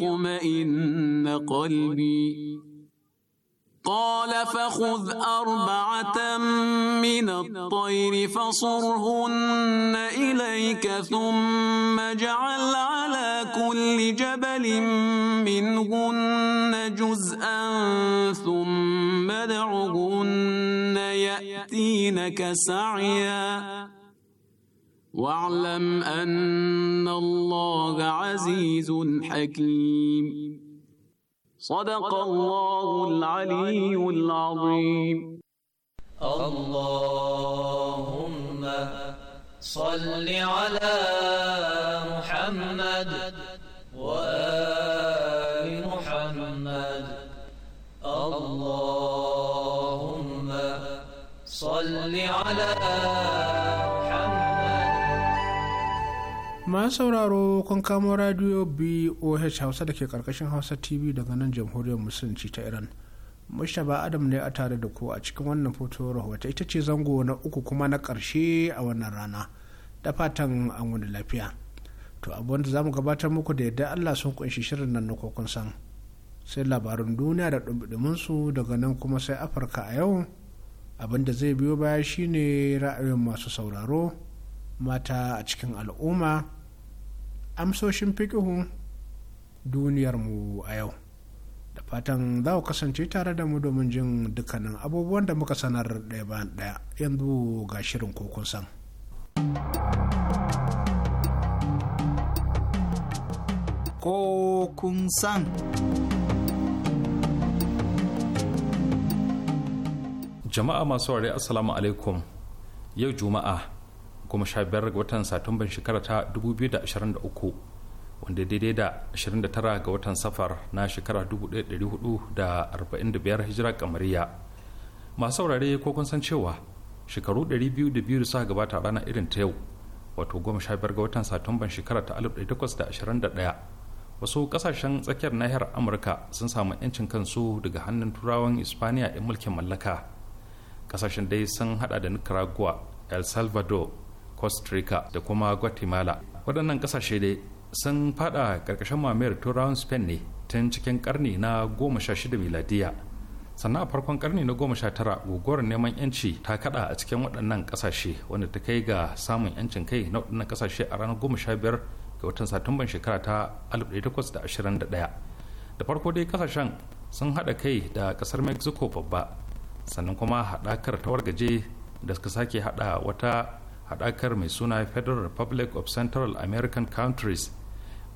يطمئن قلبي قال فخذ أربعة من الطير فصرهن إليك ثم اجعل على كل جبل منهن جزءا ثم دعهن يأتينك سعياً واعلم ان الله عزيز حكيم صدق الله العلي العظيم اللهم صل على محمد وآل محمد اللهم صل على محمد masu sauraro kun kamo radio boh hausa da ke karkashin hausa tv daga nan jamhuriyar musulunci ta iran mushaba adam ne a tare da ku a cikin wannan foto rahoto ita ce zango na uku kuma na karshe a wannan rana da fatan an wani lafiya to abubuwan da za mu gabatar muku da yadda allah sun kunshi shirin nan na kokon san sai labarin duniya da ɗumɗumin su daga nan kuma sai afirka a yau abin da zai biyo baya shine ra'ayin masu sauraro mata a cikin al'umma amsoshin fikihun duniyarmu a yau da fatan za ku kasance tare da mu domin jin dukkanin abubuwan da muka sanar ɗaya bayan ɗaya yanzu ga shirin kokun san kokun san jama'a masu ware assalamu alaikum yau juma'a goma sha biyar ga watan satumban shekara ta 2023 wanda daidai da 29 ga watan safar na shekara 1445 hijira kamariya masu saurare ko kun san cewa shekaru 202 da suka gabata rana irin ta yau wato goma sha biyar ga watan satumban shekara ta 1821 wasu kasashen tsakiyar nahiyar amurka sun samu 'yancin kansu daga hannun turawan ispaniya 'yan mulkin mallaka kasashen dai sun hada da nicaragua el salvador costa rica da kuma guatemala waɗannan ƙasashe dai sun fada ƙarƙashin mamayar turawan spain ne tun cikin ƙarni na goma sha shida miladiya sannan a farkon ƙarni na goma sha tara guguwar neman yanci ta kaɗa a cikin waɗannan ƙasashe wanda ta kai ga samun yancin kai na waɗannan ƙasashe a ranar goma sha biyar ga watan satumban shekara ta 1821 da farko dai ƙasashen sun haɗa kai da ƙasar mexico babba sannan kuma haɗakar tawar gaje da suka sake haɗa wata haɗakar mai suna federal republic of central american countries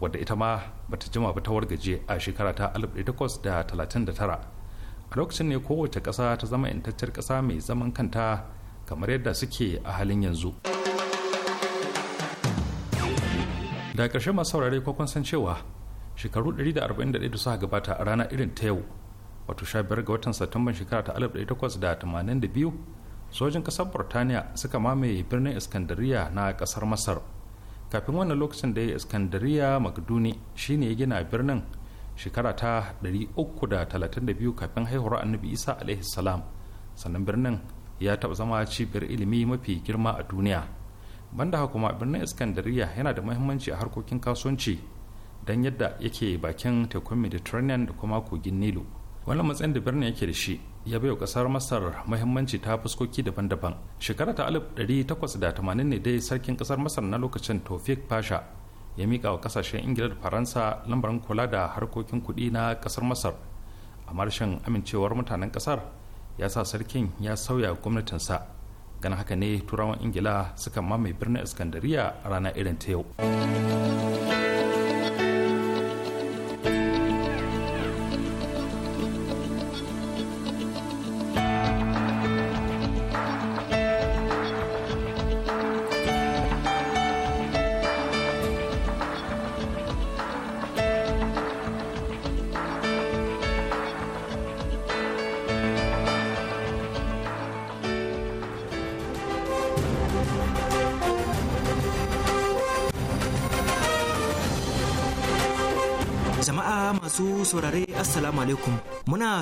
wadda ita ma bata jima ba ta wargaje a shekara ta 1839 a lokacin ne kowace ƙasa ta zama intacciyar ƙasa mai zaman kanta kamar yadda suke a halin yanzu da ƙarshe masu saurare kwakwan san cewa shekaru 141 da suka gabata a rana irin ta yau wato 15 ga watan satumban shekara ta 1882 sojin kasar burtaniya suka mamaye birnin iskandariya na kasar masar kafin wannan lokacin da ya iskandariya magduni shine ya gina birnin shekara ta 332 kafin haihuwar annabi isa alaihi salam sannan birnin ya taɓa zama cibiyar ilimi mafi girma a duniya banda haka kuma birnin iskandariya yana da muhimmanci a harkokin kasuwanci don yadda yake bakin tekun mediterranean da kuma kogin nilu wannan matsayin da birnin yake da shi ya bai wa kasar masar muhimmanci ta fuskoki daban-daban shekara ta tamanin ne dai sarkin kasar masar na lokacin tofik pasha ya mika wa kasashen ingila da faransa lambarin kula da harkokin kuɗi na kasar masar amma rashin amincewar mutanen kasar ya sa sarkin ya sauya gwamnatinsa gana haka ne turawan ingila suka mamaye birnin iskandariya a rana irin ta yau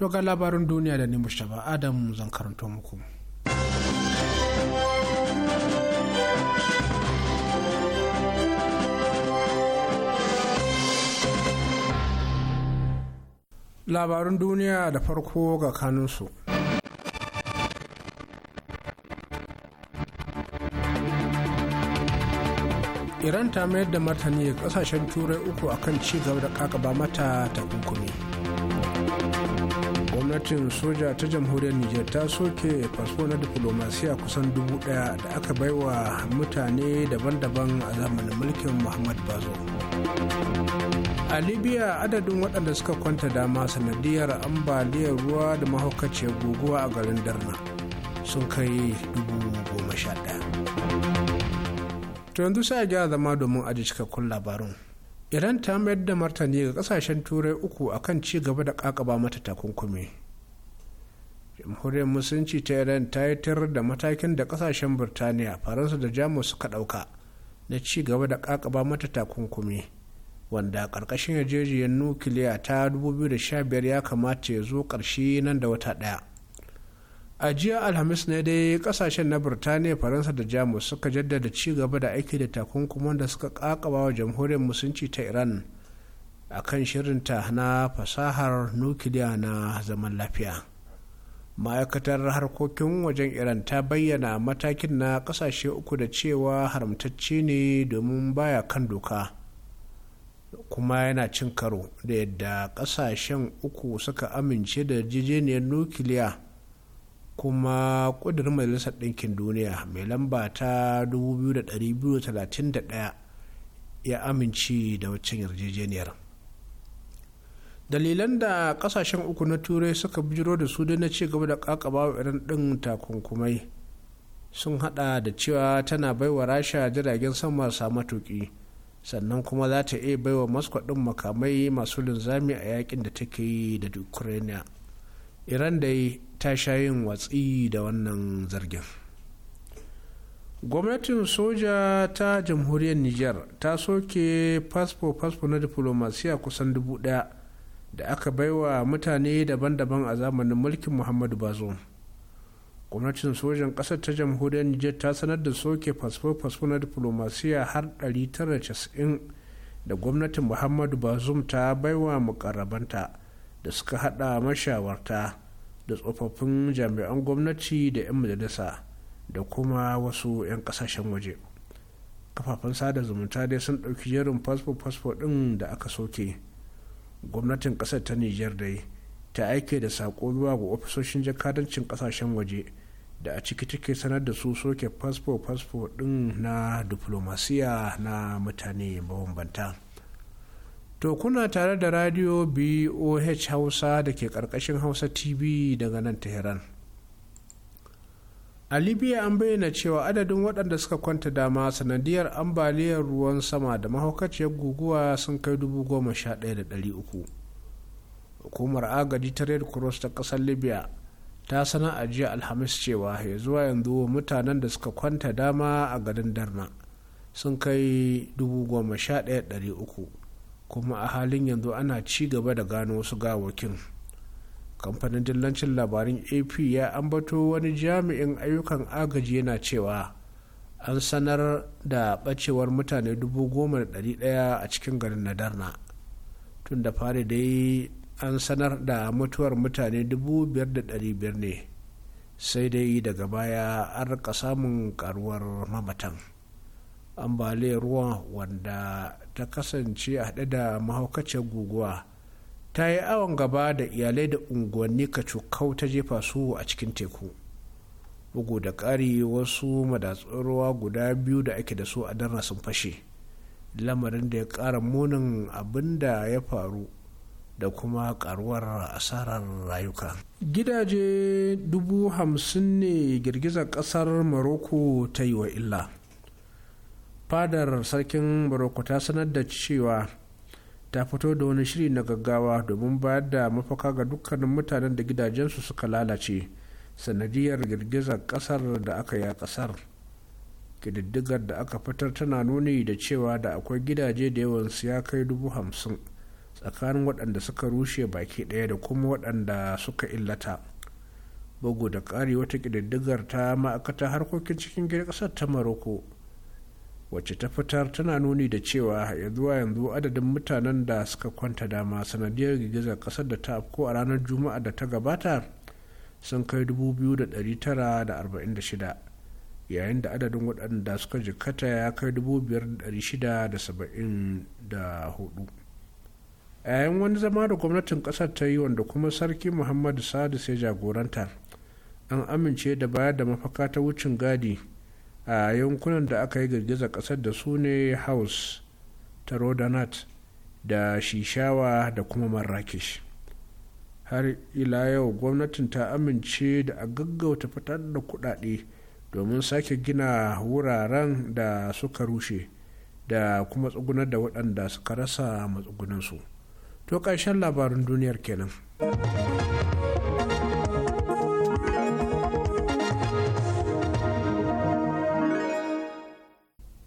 to ga labarin duniya da ne mushtaba adam zan karanto muku labarin duniya da farko ga kanunsu iran ta mayar da martani ga kasashen turai uku akan ci gaba da kakaba mata takunkumi gwamnatin soja ta jamhuriyar niger ta soke fasfo na diplomasiya kusan dubu daya da aka baiwa mutane daban-daban a zamanin mulkin muhammad bazo a libya adadin waɗanda suka kwanta dama sanadiyar ambaliyar ruwa da mahaukaciyar guguwa a garin darna sun kai dubu goma sha to yanzu sai a zama domin aji cikakkun labarun iran ta mayar da martani ga kasashen turai uku akan ci gaba da kakaba mata takunkumi jamhuriyar musulunci ta iran ta yi tar da matakin da kasashen birtaniya faransa da jamus suka ɗauka na ci gaba da kakaba mata takunkumi wanda ƙarƙashin yarjejiyar nukiliya ta 2015 ya kamata ya zo ƙarshe nan da wata ɗaya a jiya alhamis ne dai kasashen na birtaniya faransa da jamus suka jaddada ci gaba da aiki da takunkuman da suka kakaba wa jamhuriyar musulunci ta iran akan shirinta na fasahar nukiliya na zaman lafiya. ma'aikatar harkokin wajen iran ta bayyana matakin na kasashe uku da cewa haramtacce ne domin baya kan doka kuma yana cin karo da yadda kasashen uku suka amince da yarjejeniyar nukiliya kuma ƙudurin majalisar ɗinkin duniya mai lamba ta 2231 ya amince da waccan yarjejeniyar dalilan da kasashen uku na turai suka bijiro da su na ci gaba da kakaba irin din takunkumai sun hada da cewa tana baiwa rasha jiragen sama sa matuki sannan kuma za ta iya baiwa moscow din makamai masu linzami a yakin da take yi da ukraine iran da ta sha yin watsi da wannan zargin gwamnatin soja ta jamhuriyar niger ta soke fasfo-fasfo na diplomasiya kusan dubu daya da aka baiwa mutane daban-daban a zamanin mulkin muhammadu bazum gwamnatin sojan ƙasar ta jamhuriyar niger ta sanar da soke fasfo-fasfo na diplomasiya har 990 da gwamnatin muhammadu bazum ta baiwa makarabanta da suka hada mashawarta da tsofaffin jami'an gwamnati da 'yan majalisa da kuma wasu 'yan kasashen waje kafafen sada zumunta dai sun ɗauki jerin fasfo-fasfo ɗin da aka soke gwamnatin kasar ta niger dai ta aike da saƙo zuwa ga ofisoshin jakadancin kasashen waje da a ciki take sanar da su soke fasfo-fasfo ɗin na diplomasiya na mutane mabambanta to kuna tare da radio boh hausa da ke ƙarƙashin hausa tv daga nan tehran a libya an bayyana cewa adadin waɗanda suka kwanta dama sanadiyar ambaliyar ruwan sama da mahaukaciyar guguwa sun kai dubu goma sha ɗaya da ɗari uku hukumar agaji ta red cross ta ƙasar libya ta sana a jiya alhamis cewa ya zuwa yanzu mutanen da suka kwanta dama a garin darna sun kai dubu goma sha ɗaya ɗari uku kuma a halin yanzu ana ci gaba da gano wasu gawakin kamfanin dillancin labarin ap ya ambato wani jami'in ayyukan agaji yana cewa an sanar da bacewar mutane ɗaya a cikin garin nadarna tun da fari dai an sanar da mutuwar mutane 5,500 ne sai dai daga baya an rika samun karuwar mamatan ambaliyar ruwa wanda ta kasance a haɗe da mahaukaciyar guguwa ta yi awon gaba da iyalai da unguwanni kacukau ta jefa su a cikin teku bugu da ƙari wasu guda biyu da ake da su a darna sun fashe lamarin da ya ƙara munin abin da ya faru da kuma karuwar asarar rayuka gidaje dubu hamsin ne girgizar ƙasar maroko ta yi wa illa fadar sarkin maroko ta sanar da cewa ta fito da wani shiri na gaggawa domin bayar da mafaka ga dukkanin mutanen da gidajensu suka lalace sanadiyar girgizar kasar da aka yi a kasar ƙididdigar da aka fitar tana nuni da cewa da akwai gidaje da yawansu ya kai dubu hamsin tsakanin waɗanda suka rushe baki ɗaya da kuma waɗanda suka illata bugu da ƙari wata ƙididdigar ta ma'aikata harkokin cikin gidan ƙasar ta maroko wacce ta fitar tana nuni da cewa ya zuwa yanzu adadin mutanen da suka kwanta dama sanadiyar girgizar kasar da ta afko a ranar juma'a da ta gabata sun kai 2,946 yayin da adadin waɗanda suka jikata ya kai 5,674 a yayin wani zama da gwamnatin kasar ta yi wanda kuma sarki muhammadu sadu sai jagoranta an amince da bayar da mafaka ta wucin gadi a yankunan da aka yi girgiza ƙasar da su ne house ta rodanat da shishawa da kuma marrakesh har ila yau gwamnatin ta amince da a gaggauta fitar da kudade domin sake gina wuraren da suka rushe da kuma tsugunar da waɗanda suka rasa matsugunansu to ƙarshen labarin duniyar kenan.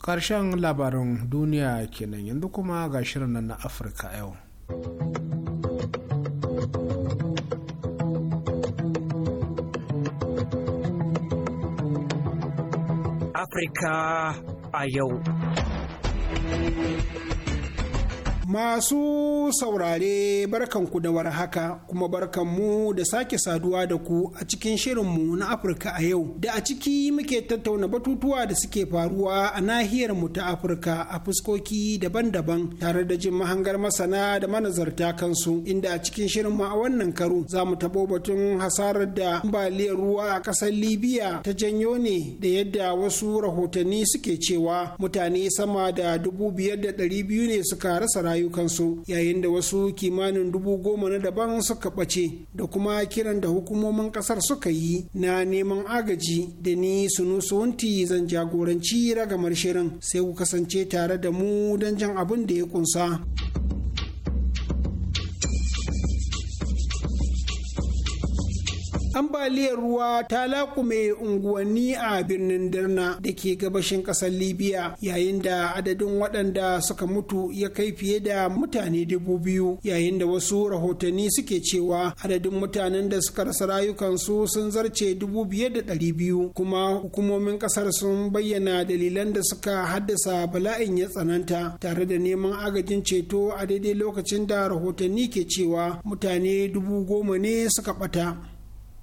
Karshen labarin duniya kenan yanzu kuma ga shirin nan na afirka yau afirka a yau Masu saurare barkanku da war haka kuma barkanmu da sake saduwa da ku a cikin shirin mu na Afirka a yau da a ciki muke tattauna batutuwa da suke faruwa a nahiyar mu ta Afirka a fuskoki daban-daban tare da jin mahangar masana da manazarta kansu inda a cikin mu a wannan karo za mu tabo batun hasarar da ambaliyar ruwa a ƙasar Libya ta janyo ne da yadda wasu rahotanni suke cewa mutane sama da dubu biyar da ɗari biyu ne suka rasa rayuwa rayukansu yayin da wasu kimanin dubu goma na daban suka ɓace da kuma kiran da hukumomin ƙasar suka yi na neman agaji da ni su sunusunti zan jagoranci ragamar shirin sai ku kasance tare da mu don jan abin da ya kunsa. ambaliyar ruwa ta lakume unguwanni a birnin dirna da ke gabashin ƙasar Libya yayin da adadin waɗanda suka mutu ya kai fiye da mutane dubu biyu yayin da wasu rahotanni suke cewa adadin mutanen da suka rasa rayukansu sun zarce dubu biyar da ɗari biyu kuma hukumomin ƙasar sun bayyana dalilan da suka haddasa bala'in ya tsananta tare da neman agajin ceto a daidai lokacin da rahotanni ke cewa mutane dubu goma ne suka ɓata.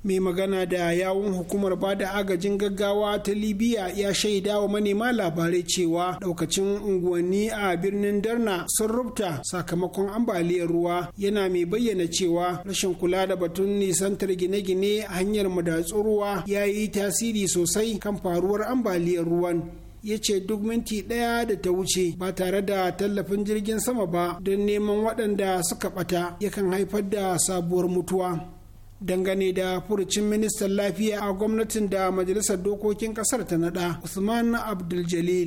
mai magana da yawun hukumar ba da agajin gaggawa ta libya ya shaida wa manema labarai cewa daukacin unguwanni a birnin darna sun rubuta sakamakon ambaliyar ruwa yana mai bayyana cewa rashin kula da batun nisantar gine-gine a hanyar madatsu ruwa ya yi tasiri sosai kan faruwar ambaliyar ruwan ya ce duk minti ɗaya da ta wuce ba tare da tallafin jirgin sama ba don neman waɗanda suka ɓata yakan haifar da sabuwar mutuwa dangane da furucin ministan lafiya a gwamnatin da majalisar dokokin kasar ta naɗa, usman abdul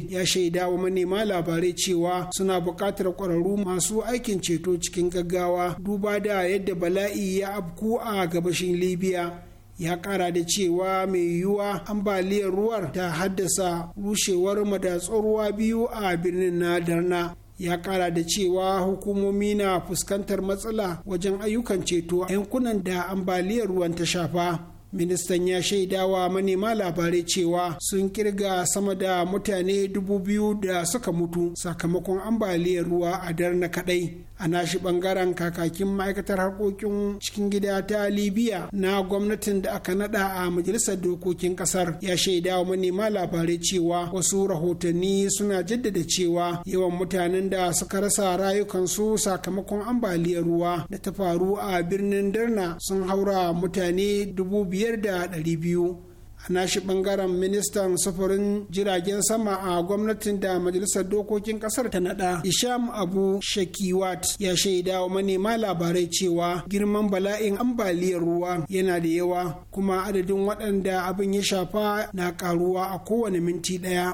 ya shaida wa manema labarai cewa suna buƙatar ƙwararru masu aikin ceto cikin gaggawa duba da yadda bala'i ya abku a gabashin libya ya ƙara da cewa mai yiwuwa ambaliyar ruwar ta haddasa rushewar madatsar ruwa biyu a birnin na darna ya kara da cewa hukumomi na fuskantar matsala wajen ayyukan ceto a yankunan da ambaliyar ruwan ta shafa ministan ya shaidawa manema labarai cewa sun kirga sama da mutane dubu biyu da suka mutu sakamakon ambaliyar ruwa a darna kadai a nashi bangaren kakakin ma'aikatar harkokin cikin gida ta libya na gwamnatin da aka nada a majalisar dokokin kasar ya shaida wa manema labarai cewa wasu rahotanni suna jaddada cewa yawan mutanen da suka rasa rayukansu sakamakon ambaliyar ruwa da ta faru a birnin darna sun haura mutane dubu biyar da ɗari biyu a nashi bangaren ministan sufurin jiragen sama a gwamnatin da majalisar dokokin kasar ta nada isham abu shekiwat ya shaida wa manema labarai cewa girman bala'in ambaliyar ruwa yana da yawa kuma adadin waɗanda abin ya shafa na karuwa a kowane minti ɗaya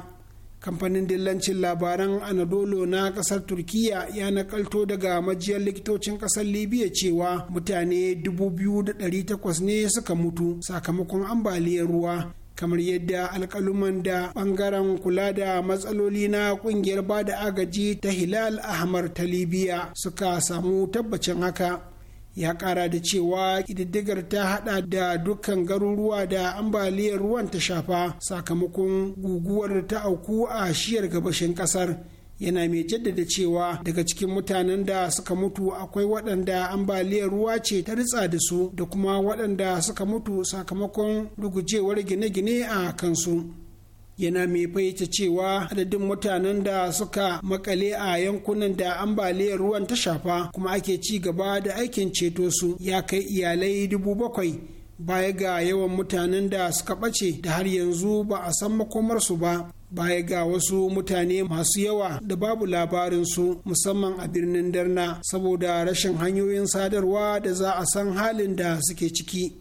kamfanin dillancin labaran anadolu na kasar turkiya ya nakalto daga majiyar likitocin kasar libya cewa mutane 2,800 ne suka mutu sakamakon ambaliyar ruwa kamar yadda alkaluman da bangaren kula da matsaloli na kungiyar bada agaji ta hilal ahmar ta libya suka samu tabbacin haka ya kara da cewa ƙididdigar ta hada da dukkan garuruwa da ambaliyar ruwan ta shafa sakamakon guguwar ta auku a shiyar gabashin kasar yana mai jaddada cewa daga cikin mutanen da suka mutu akwai waɗanda ambaliyar ruwa ce ta ritsa da su da kuma waɗanda suka mutu sakamakon rugujewar gine-gine a kansu yana mai fahimta cewa adadin mutanen da suka makale a yankunan da ambaliyar ruwan ta shafa kuma ake ci gaba da aikin ceto su ya kai iyalai dubu bakwai baya ga yawan mutanen da suka ɓace da har yanzu ba a san makomarsu ba baya ga wasu mutane masu yawa da babu labarinsu musamman a birnin darna saboda rashin hanyoyin sadarwa da za a san halin da suke ciki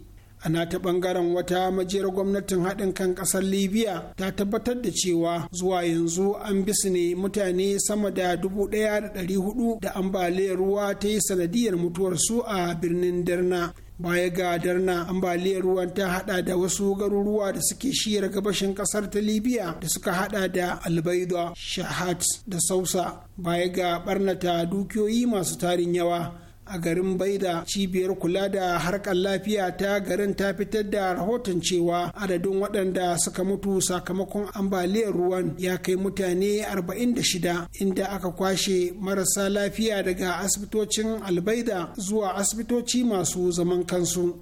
ana ta bangaren wata majiyar gwamnatin haɗin kan ƙasar libya ta tabbatar da cewa zuwa yanzu an ne mutane sama da dubu ɗaya da ɗari hudu da ambaliyar ruwa ta yi sanadiyar su a birnin darna baya ga darna ambaliyar ruwa ta hada da wasu garuruwa da suke shiyar gabashin kasar ta libya da suka hada da albaida shahat da sausa baya ga barnata dukiyoyi masu tarin yawa a garin baida cibiyar kula da harkar lafiya ta garin ta fitar da rahoton cewa adadin waɗanda suka mutu sakamakon ambaliyar ruwan ya kai mutane 46 inda aka kwashe marasa lafiya daga asibitocin albaida zuwa asibitoci masu zaman kansu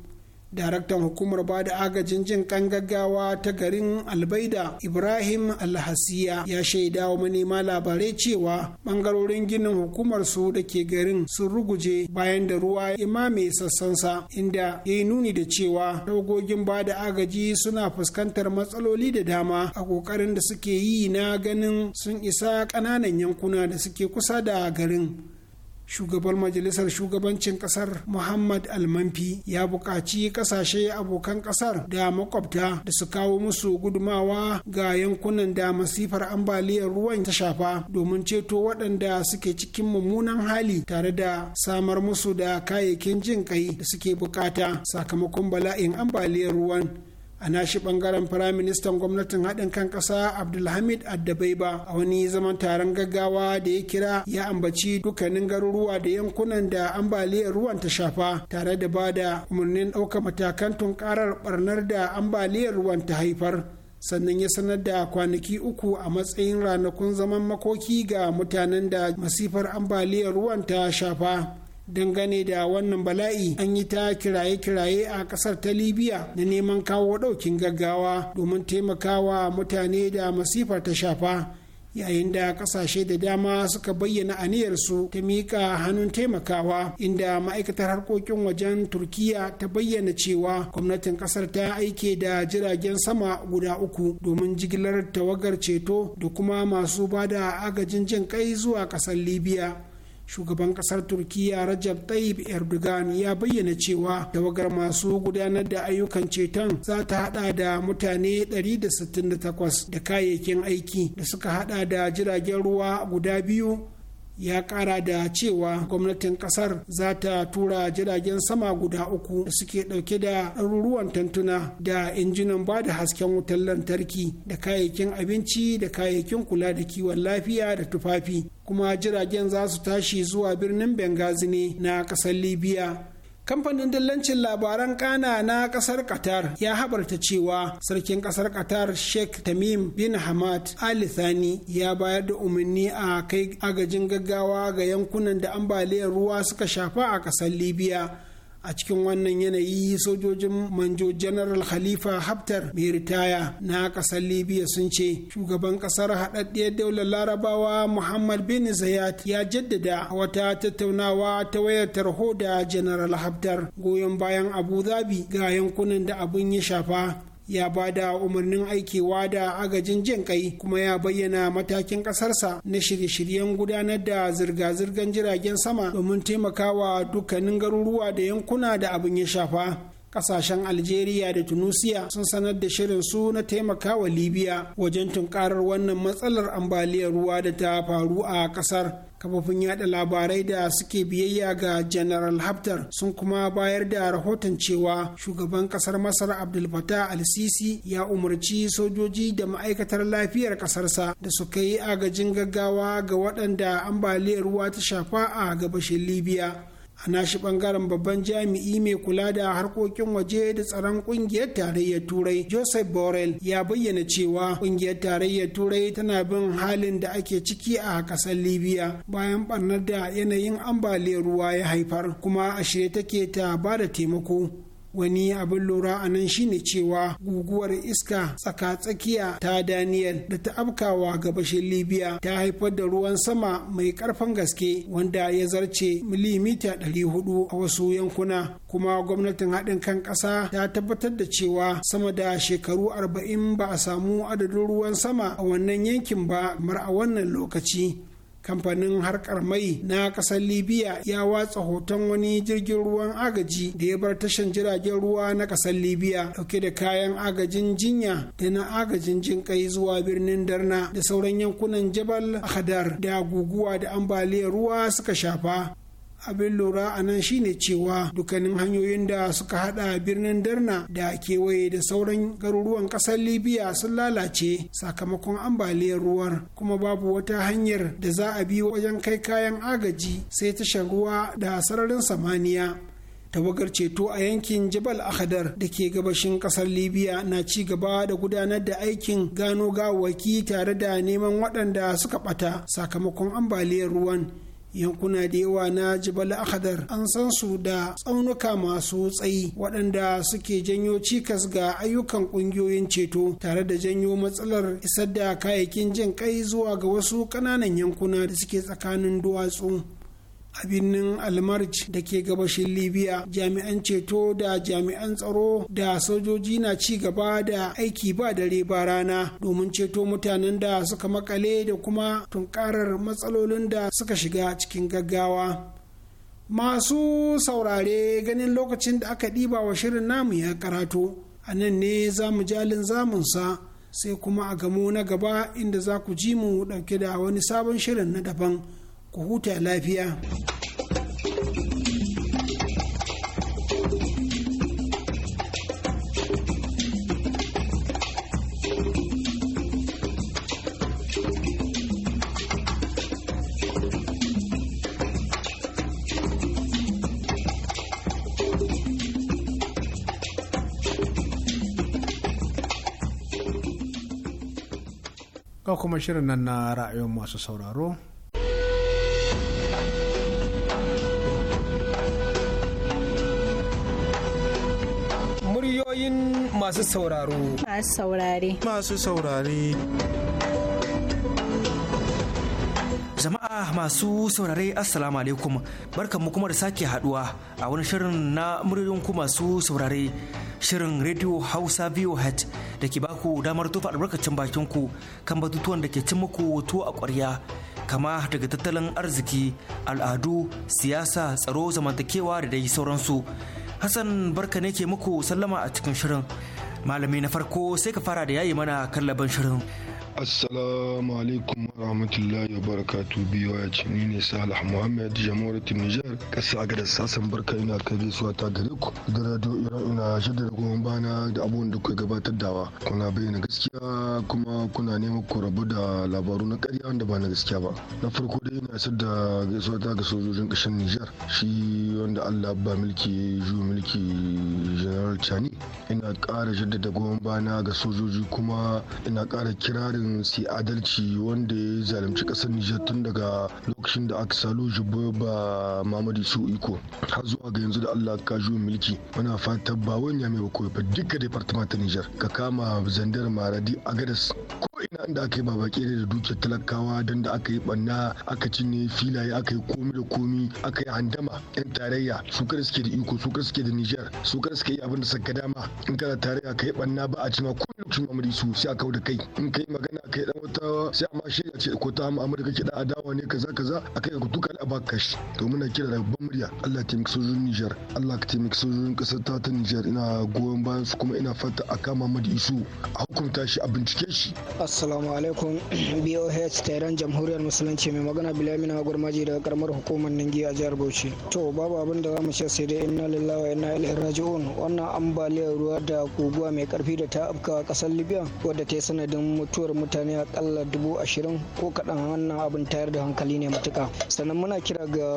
daraktan hukumar ba da agajin jin kan gaggawa ta garin albaida ibrahim alhasiya ya shaida wa manema labarai cewa bangarorin ginin hukumar su da ke garin sun ruguje bayan da ruwa ya mame sassansa inda ya yi nuni da cewa dogogin ba da agaji suna fuskantar matsaloli da dama a kokarin da suke yi na ganin sun isa ƙananan yankuna da suke kusa da garin shugaban majalisar shugabancin kasar muhammad almanfi ya buƙaci ƙasashe abokan ƙasar da makwabta da su kawo musu gudumawa ga yankunan da masifar ambaliyar ruwan ta shafa domin ceto waɗanda suke cikin mummunan hali tare da samar musu da kayayyakin jin kai da suke bukata sakamakon bala'in ambaliyar ruwan a nashi bangaren firaministan gwamnatin haɗin kan ƙasa abdulhamid addabaiba a wani zaman taron gaggawa da ya kira ya ambaci dukkanin garuruwa da yankunan da ambaliyar ruwan ta shafa tare da ba da umarnin ɗauka matakan tunkarar ɓarnar da ambaliyar ruwan ta haifar sannan ya sanar da kwanaki uku a matsayin ranakun zaman makoki ga mutanen da masifar ambaliyar ruwan ta shafa dangane da wannan bala'i an yi ta kiraye-kiraye a kasar ta libya na neman kawo daukin gaggawa domin taimakawa mutane da masifar ta shafa yayin da kasashe da dama suka bayyana aniyarsu ta miƙa hannun taimakawa inda ma'aikatar harkokin wajen turkiya ta bayyana cewa gwamnatin kasar ta aike da jiragen sama guda uku domin jigilar tawagar ceto da kuma masu ba da agajin jin kai zuwa kasar libya shugaban kasar turkiya rajab tayyip erdogan ya bayyana cewa tawagar masu gudanar da ayyukan ceton za ta hada da mutane 168 da kayayyakin aiki da suka hada da jiragen ruwa guda biyu ya kara da cewa gwamnatin kasar za ta tura jiragen sama guda uku da suke dauke da ɗaruruwan tantuna da injinan ba da hasken wutar lantarki da kayayyakin abinci da kayayyakin kula da kiwon lafiya da tufafi kuma jiragen za su tashi zuwa birnin bengazi ne na ƙasar libya kamfanin dillancin labaran kana na kasar qatar ya habarta cewa sarkin kasar qatar sheikh tamim bin hamad ali thani ya bayar da umarni a kai agajin gaggawa ga yankunan da ambaliyar ruwa suka shafa a kasar libya a cikin wannan yanayi sojojin manjo general khalifa haftar mai ritaya na kasar libya sun ce shugaban kasar haɗaɗɗiyar daular larabawa muhammad bin zayat ya jaddada wata tattaunawa ta wayar tarho da general haftar goyon bayan abu zabi ga yankunan da abin ya shafa ya ba da umarnin aikewa da agajin jin kai kuma ya bayyana matakin ƙasarsa na shirye-shiryen gudanar da zirga-zirgar jiragen sama domin taimakawa dukkanin garuruwa da yankuna da abin ya shafa kasashen algeria da tunisia sun sanar da shirin su na taimakawa libya wajen tunkarar wannan matsalar ambaliyar ruwa da ta faru a kasar kafofin yada labarai da suke biyayya ga general haftar sun kuma bayar da rahoton cewa shugaban kasar masar Abdulbata al-sisi ya umarci sojoji da ma'aikatar lafiyar kasarsa da su kai agajin gaggawa ga waɗanda ambaliyar ruwa ta shafa a gabashin libya a nashi bangaren babban jami'i mai kula da harkokin waje da tsaron kungiyar tarayyar turai joseph borrell ya bayyana cewa kungiyar tarayyar turai tana bin halin da ake ciki a kasar libya bayan barnar da yanayin ambaliyar ruwa ya haifar kuma a take ta bada taimako wani abin lura a nan shine cewa guguwar iska tsaka-tsakiya ta daniel da ta afkawa gabashin libya ta haifar da ruwan sama mai karfin gaske wanda ya zarce milimita 400 a wasu yankuna kuma gwamnatin haɗin kan ƙasa ta tabbatar da cewa sama da shekaru 40 ba a samu adadin ruwan sama a wannan yankin ba mara a wannan lokaci kamfanin harkar mai na kasar libya ya watsa hoton wani jirgin ruwan agaji da ya bar tashan jiragen ruwa na kasar libya dauke da kayan agajin jinya da na agajin jin zuwa birnin darna da sauran yankunan jabal hadar da guguwa da ambaliyar ruwa suka shafa abin lura a nan shine cewa dukkanin hanyoyin da suka hada birnin darna da kewaye da sauran garuruwan kasar libya sun lalace sakamakon ambaliyar ruwar kuma babu wata hanyar da za a bi wajen kai kayan agaji sai tashar ruwa da sararin samaniya tawagar ceto a yankin jabal akhadar da ke gabashin kasar libya na ci gaba da gudanar da aikin gano gawaki tare da neman waɗanda suka ɓata sakamakon ambaliyar ruwan yankuna da yawa na jibal bala'ahadar an san su da tsaunuka masu tsayi waɗanda suke janyo cikas ga ayyukan ƙungiyoyin ceto tare da janyo matsalar isar da kayayyakin jin kai zuwa ga wasu ƙananan yankuna da suke tsakanin duwatsu a birnin almarj da ke gabashin libya jami'an ceto da jami'an tsaro da sojoji na ci gaba da aiki ba dare ba rana domin ceto mutanen da suka makale da kuma tunkarar matsalolin da suka shiga cikin gaggawa masu saurare ganin lokacin da aka ɗiba wa shirin namu ya karato a nan ne za mu jalin zamunsa sai kuma a gamo na gaba inda za ku ji mu ɗauke da wani sabon shirin na daban. ku huta lafiya. kuma shirin nan na ra'ayin masu sauraro masu sauraro masu saurare masu saurare Jama'a masu saurare Assalamu alaikum mu kuma da sake haduwa a wani shirin na muryoyin masu saurare shirin Radio Hausa VOH da ke baku damar tufa albarkacin bakin ku kan batutuwan da ke cin muku tuwo a ƙwarya kama daga tattalin arziki, al'adu, siyasa, tsaro, zamantakewa da dai sauransu. Hassan barka ne ke muku sallama a cikin shirin. Malami na farko sai ka fara da yayi mana kallaban shirin. Assalamu alaikum wa rahmatullahi barakatu biyu ya ce ni ne Salih Muhammad jamhuriyar Nijar kasa ga da sassan barka ina kai gaisuwa ta gare ku da radio Iran ina shaida da goma bana da abubuwan da kuka gabatar dawa kuna bayyana gaskiya kuma kuna neman ku rabu da labaru na karya wanda ba na gaskiya ba na farko dai ina isar da gaisuwa ta ga sojojin kashin Nijar shi wanda Allah ba mulki ju mulki General Chani ina ƙara jaddada goma bana ga sojoji kuma ina kara kirarin domin adalci wanda ya zalunci kasar Nijar tun daga lokacin da aka salo jibo ba Mamadu Su iko har zuwa ga yanzu da Allah ka juyin mulki muna fatan ba wani ya mai ba ba duka ta Nijar ka kama zandar maradi agadas ko ina inda aka yi ba baki da dukiyar talakawa don da aka yi banna aka cinye filaye aka yi komi da komi aka yi handama yan tarayya su kada suke da iko su kada suke da Nijar su kada suke yi abin da suka dama in kana tarayya ka yi banna ba a cima ko lokacin Mamadu Su sai a kawo da kai in ka yi magana magana kai dan wata sai amma shi ya ce ko ta mu amurka kida adawa ne kaza kaza akai ku tuka a baka to muna kira da babban murya Allah ya taimaki sojojin Niger Allah ya taimaki sojojin kasar ta ta Niger ina goyon bayan su kuma ina fata a kama Muhammadu Isu a hukunta shi a bincike shi Assalamu alaikum BOH tayaran Jamhuriyar Musulunci mai magana Bilamina Gurmaji daga karamar hukumar Ningi a jihar Bauchi to babu abin da zamu ce sai dai inna lillahi wa inna ilaihi raji'un wannan ambaliyar ruwa da guguwa mai karfi da ta afka kasar Libya wadda ta yi sanadin mutuwar mutane akalla dubu ashirin ko kaɗan wannan abin tayar da hankali ne matuka sannan muna kira ga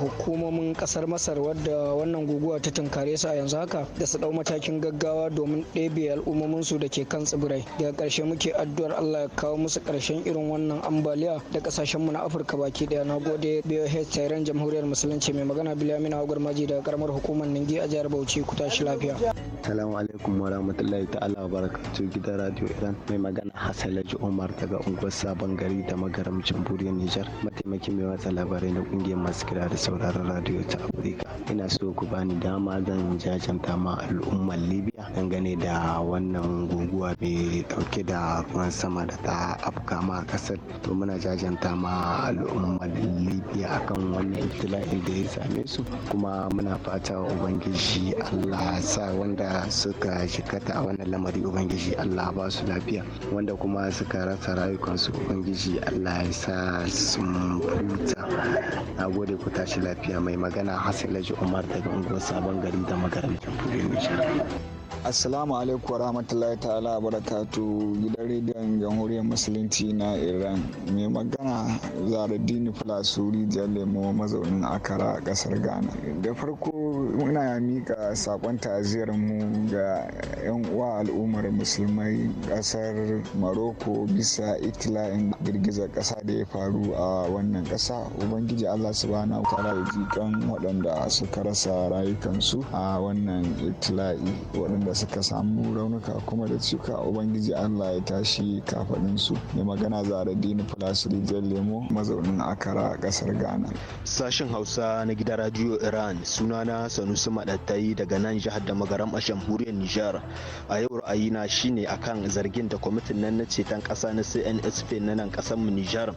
hukumomin ƙasar masar wadda wannan guguwa ta tunkare su a yanzu haka da su ɗau matakin gaggawa domin ɗebe su da ke kan tsibirai daga ƙarshe muke addu'ar allah ya kawo musu ƙarshen irin wannan ambaliya da mu na afirka baki ɗaya na gode boh tairan jamhuriyar musulunci mai magana bilamina awgar maji daga karamar hukumar ningi a jihar bauchi ku tashi lafiya salamu alaikum wa rahmatullahi ta'ala wa barakatuh gidan radio iran mai magana hasala Alhaji Umar daga unguwar Sabon Gari da magaram Jamhuriyar Nijar mataimakin mai watsa labarai na kungiyar masu kira da sauraron radio ta Afirka. Ina so ku bani dama zan jajanta ma al'ummar Libya dangane da wannan guguwa mai dauke da ruwan sama da ta afka ma kasar to muna jajanta ma al'ummar Libya akan wannan ibtila'in da ya same su kuma muna fata ubangiji Allah sa wanda suka shikata a wannan lamari ubangiji Allah ba su lafiya wanda kuma suka rasa rayukansu ubangiji allah ya sa sun huta na gode ku tashi lafiya mai magana hasila umar daga unguwar sabon gari da magarin jamhuriyar nijar Assalamu alaikum wa rahmatullahi ta'ala barakatu gidan rediyon jamhuriyar musulunci na Iran. Mai magana Zaradini Falasuri mu mazaunin Akara kasar Ghana. Da farko muna mika sakon ta'aziyar mu ga 'yan uwa al'ummar musulmai kasar Maroko bisa itila'in girgizar kasa da ya faru a wannan kasa. Ubangiji Allah su bana ta'ala ya ji kan waɗanda suka rasa rayukansu a wannan itila'i waɗanda suka samu raunuka kuma da suka ubangiji allah ya tashi kafaninsu ne magana dini plasiri jan lemo mazaunin akara a kasar ghana sashen hausa na gidan radio iran sunana sanusi maɗattayi daga nan jihar da magaram a shamhuriyar nijar a yau ra'ayi na shine akan zargin da kwamitin nan na ceton ƙasa na cnsp na nan ƙasar mu nijar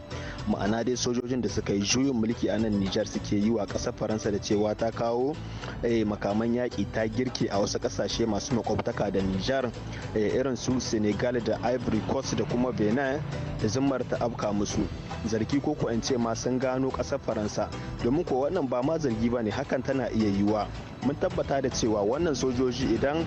ma'ana dai sojojin da suka yi juyin mulki a nan nijar suke yi wa ƙasar faransa da cewa ta kawo eh, makaman yaki ta girke a wasu ƙasashe masu makwabtaka da nijar eh, irin su senegal da ivory coast da kuma benin da zimmar ta afka musu zargi ko ko ce ma sun gano ƙasar faransa domin ko wannan ba ma zargi ba ne hakan tana iya yiwuwa mun tabbata da cewa wannan sojoji idan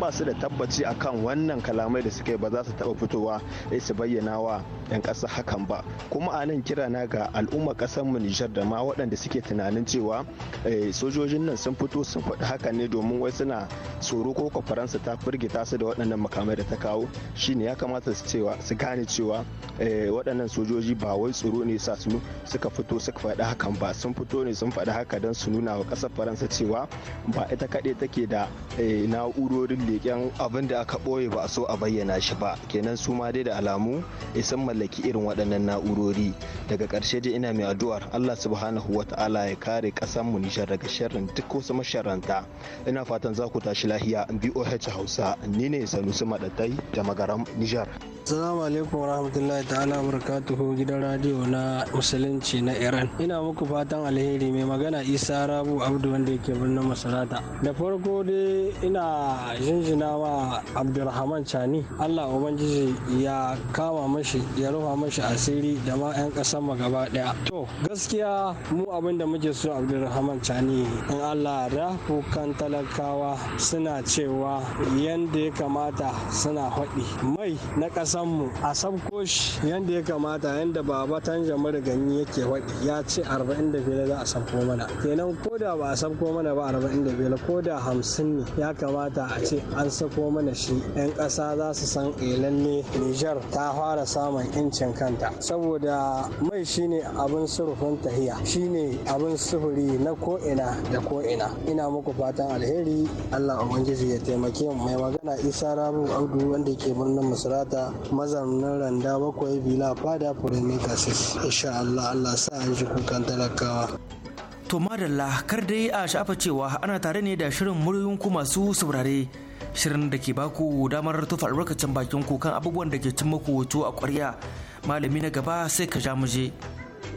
ba su da tabbaci akan wannan kalamai da suka yi ba za su taba fitowa sai su bayyana wa 'yan ƙasa hakan ba kuma a nan kira na ga al'ummar ƙasar mu Nijar da ma waɗanda suke tunanin cewa eh, sojojin nan sun fito sun faɗi hakan ne domin wai suna tsoro ko ka Faransa ta firgita su da waɗannan makamai da ta kawo shine ya kamata su cewa su gane cewa eh, waɗannan sojoji ba wai tsoro ne sa su suka fito suka faɗi hakan ba sun fito ne sun faɗi haka don su nuna wa ƙasar Faransa cewa ba ita kaɗai take da eh, na'urorin leƙen abin da aka ɓoye ba a so a bayyana shi ba kenan su ma dai da alamu isan eh, mallaki irin waɗannan na'urori daga ƙarshe dai ina mai addu'ar Allah subhanahu wa ta'ala ya kare ƙasar mu Nijar daga sharrin duk wasu masharanta ina fatan za ku tashi lahiya BOH Hausa ni ne Sanusi Madatai da Magaram Nijar Assalamu alaikum warahmatullahi ta'ala barakatuhu gidan radio na musulunci na Iran ina muku fatan alheri mai magana Isa Rabu Abdu wanda yake birnin masarada da farko dai ina jinjina wa abdulrahman Chani allah ubangiji ya kama mashi ya rufa mashi asiri da ma 'yan kasan mu gaba daya to gaskiya mu abin da muke so abdulrahman Chani in allah da kukan talakawa suna cewa yadda ya kamata suna faɗi mai na mu a sabko shi yadda ya kamata yadda baba tanja ganyi yake faɗi ya ce 45 za a sabko mana kenan ko da ba a sabko mana ba biyar ko da hamsin ne ya kamata a ce an sako mana shi 'yan ƙasa za su san ne eh, nijar ta fara samun 'yancin kanta saboda mai shine abin surufin tahiya shine abin sufuri na ko'ina da ko'ina ina muku fatan alheri allah ubangiji ya taimake mu mai magana isa rabu audu wanda ke birnin misrata mazaunin randa bakwai bila fada fure ne insha allah allah sa an shi kukan talakawa To madalla kar dai a sha'afa cewa ana tare ne da shirin muryoyin ku masu saurare shirin da ke baku damar tufa albarkacin bakin ku kan abubuwan da ke cin muku wato a ƙwarya malami na gaba sai ka ja muje.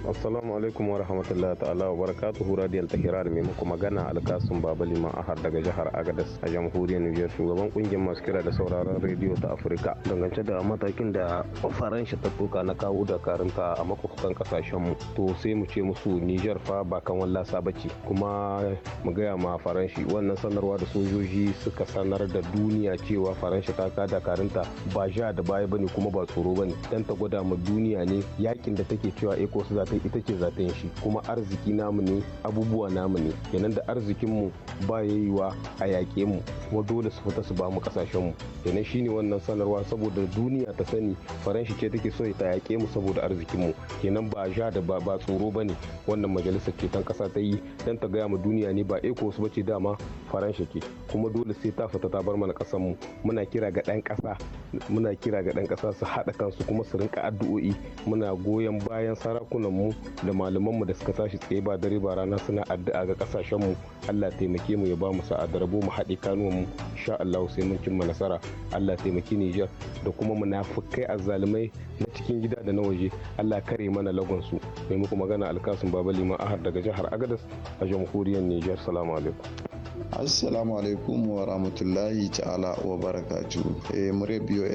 assalamu alaikum wa rahmatullahi ta'ala wa barakatuh radiyal tahirar mai muku magana alkasun baba a har daga jihar agadas a jamhuriyar niger shugaban kungiyar masu kira da sauraron rediyo ta afirka dangance da matakin da faransa ta tuka na kawo da karinta a makwakwakan kasashen mu to sai mu ce musu niger fa ba kan wallah sabaci kuma mu gaya ma faranshi wannan sanarwa da sojoji suka sanar da duniya cewa faransa ta kada karinta ba ja da baya bane kuma ba tsoro bane dan ta gwada ma duniya ne yakin da take cewa ecowas za ta ita ce za shi kuma arziki namu ne abubuwa namu ne kenan da arzikinmu mu ba yayiwa a yaƙe mu kuma dole su fita su ba mu kasashen mu kenan shine wannan sanarwa saboda duniya ta sani faranshi ce take so ta yaƙe mu saboda arzikin mu kenan ba ja da ba ba tsoro bane wannan majalisar ceton kasa ta yi dan ta gaya mu duniya ne ba eko su bace dama faranshi ke kuma dole sai ta fita ta bar mana kasan mu muna kira ga ɗan kasa muna kira ga dan kasa su haɗa kansu kuma su rinka addu'o'i muna goyon bayan sarakunan mu da malamanmu da suka tashi tsaye ba dare ba rana suna addu'a ga kasashen mu Allah taimake mu ya ba mu sa'a da rabo mu haɗe kanuwan mu insha Allah sai mun cimma nasara Allah taimake Niger da kuma munafukai azzalumai na cikin gida da na waje Allah kare mana lagon su mai muku magana alkasun baba liman ahar daga jihar Agadas a jamhuriyar Niger salamu alaikum assalamu alaikum wa rahmatullahi ta'ala wa barakatu eh mure boh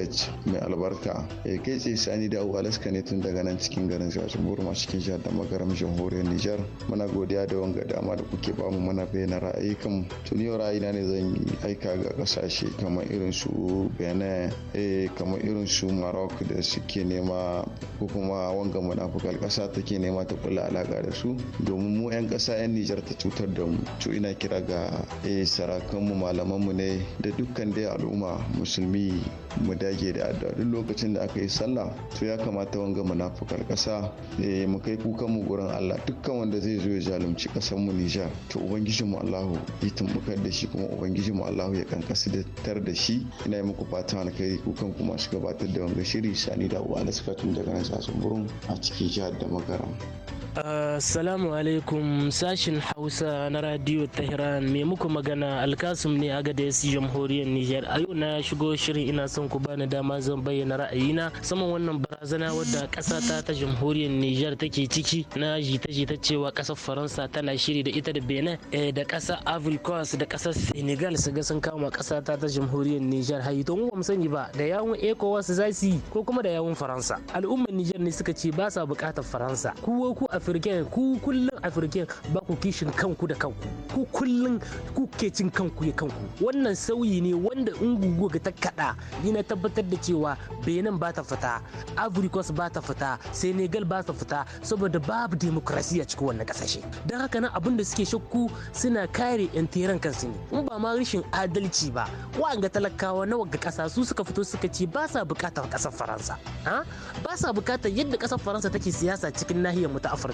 mai albarka e kai ce sani da alaska ne tun daga nan cikin garin shashin burma cikin jihar da magaram jamhuriyar nijar muna godiya da wanga dama da kuke bamu mana bayyana ra'ayikan ra'ayi ra'ayina ne zan yi aika ga kasashe kamar irin su benin eh kamar irin su maroc da suke nema ko kuma wanga munafukar kasa take nema ta kula alaka da su domin mu 'yan kasa 'yan nijar ta cutar da mu to ina kira ga Eh, sarakanmu malamanmu ne da dukkan dai al'umma musulmi mu dage da addu'a duk lokacin da aka yi sallah to ya kamata wanga munafukar kasa eh, mu kai kukan mu gurin Allah dukkan wanda zai zo ya zalunci kasar mu Nijar to ubangijin mu Allahu ya tumbukar da shi kuma ubangijin mu Allahu ya kankasi da tar da shi ina yi muku fatan alkhairi kukan ku masu gabatar da wanga shiri sani da uwa da suka tun daga nan sasun gurin a cikin jihar da magaram. Assalamu alaikum sashin Hausa na Radio Tehran me muku magana Alkasum ne a gada da jamhuriyar Nijar. A yau na shigo shirin ina son ku bani dama zan bayyana ra'ayina saman wannan barazana wadda ƙasa ta ta jamhuriyar Nijar take ciki na jita-jita cewa ƙasar Faransa tana shiri da ita da Benin eh, da ƙasar Ivory Coast da ƙasar Senegal su ga sun kama ƙasa ta ta jamhuriyar Nijar. Hayi to mu ba sani ba da yawun ECOWAS za su yi ko kuma da yawun Faransa. Al'ummar Nijar ne suka ce ba sa buƙatar Faransa. Kuwa ku a afirken ku kullum afirken ba ku kishin kanku da kanku ku kullum ku ke cin kanku ya kanku wannan sauyi ne wanda in guguwa ta kada ni na tabbatar da cewa benin ba ta fita africos ba ta fita senegal ba ta fita saboda babu demokrasiya cikin wannan kasashe don haka nan abin da suke shakku suna kare yan teran kansu ne in ba ma rashin adalci ba ga talakawa nawa ga kasa su suka fito suka ce ba sa bukatar kasar faransa ah? ba sa bukatar yadda kasar faransa take siyasa cikin nahiyar mu ta afirka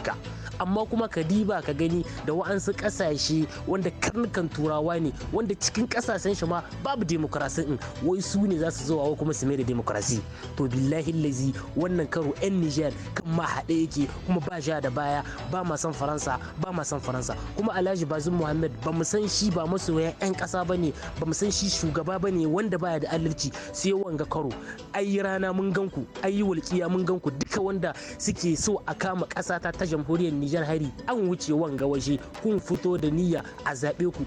amma kuma ka diba ka gani da wa'ansu kasashe wanda karnukan turawa ne wanda cikin kasashen shi ma babu demokrasi in wai su ne za su zo wa kuma su mai da demokrasi to billahi lazi wannan karo yan niger kan ma haɗe yake kuma ba sha da baya ba ma san faransa ba ma san faransa kuma alhaji bazin muhammad ba mu san shi ba masoyan yan ƙasa ba ne ba mu san shi shugaba ba ne wanda baya da adalci sai wanga karo ayi rana mun ganku ayi walƙiya mun ganku duka wanda suke so a kama ƙasa ta jamhuriyar Nijar hari an wuce wanga waje kun fito da niyya a zaɓe ku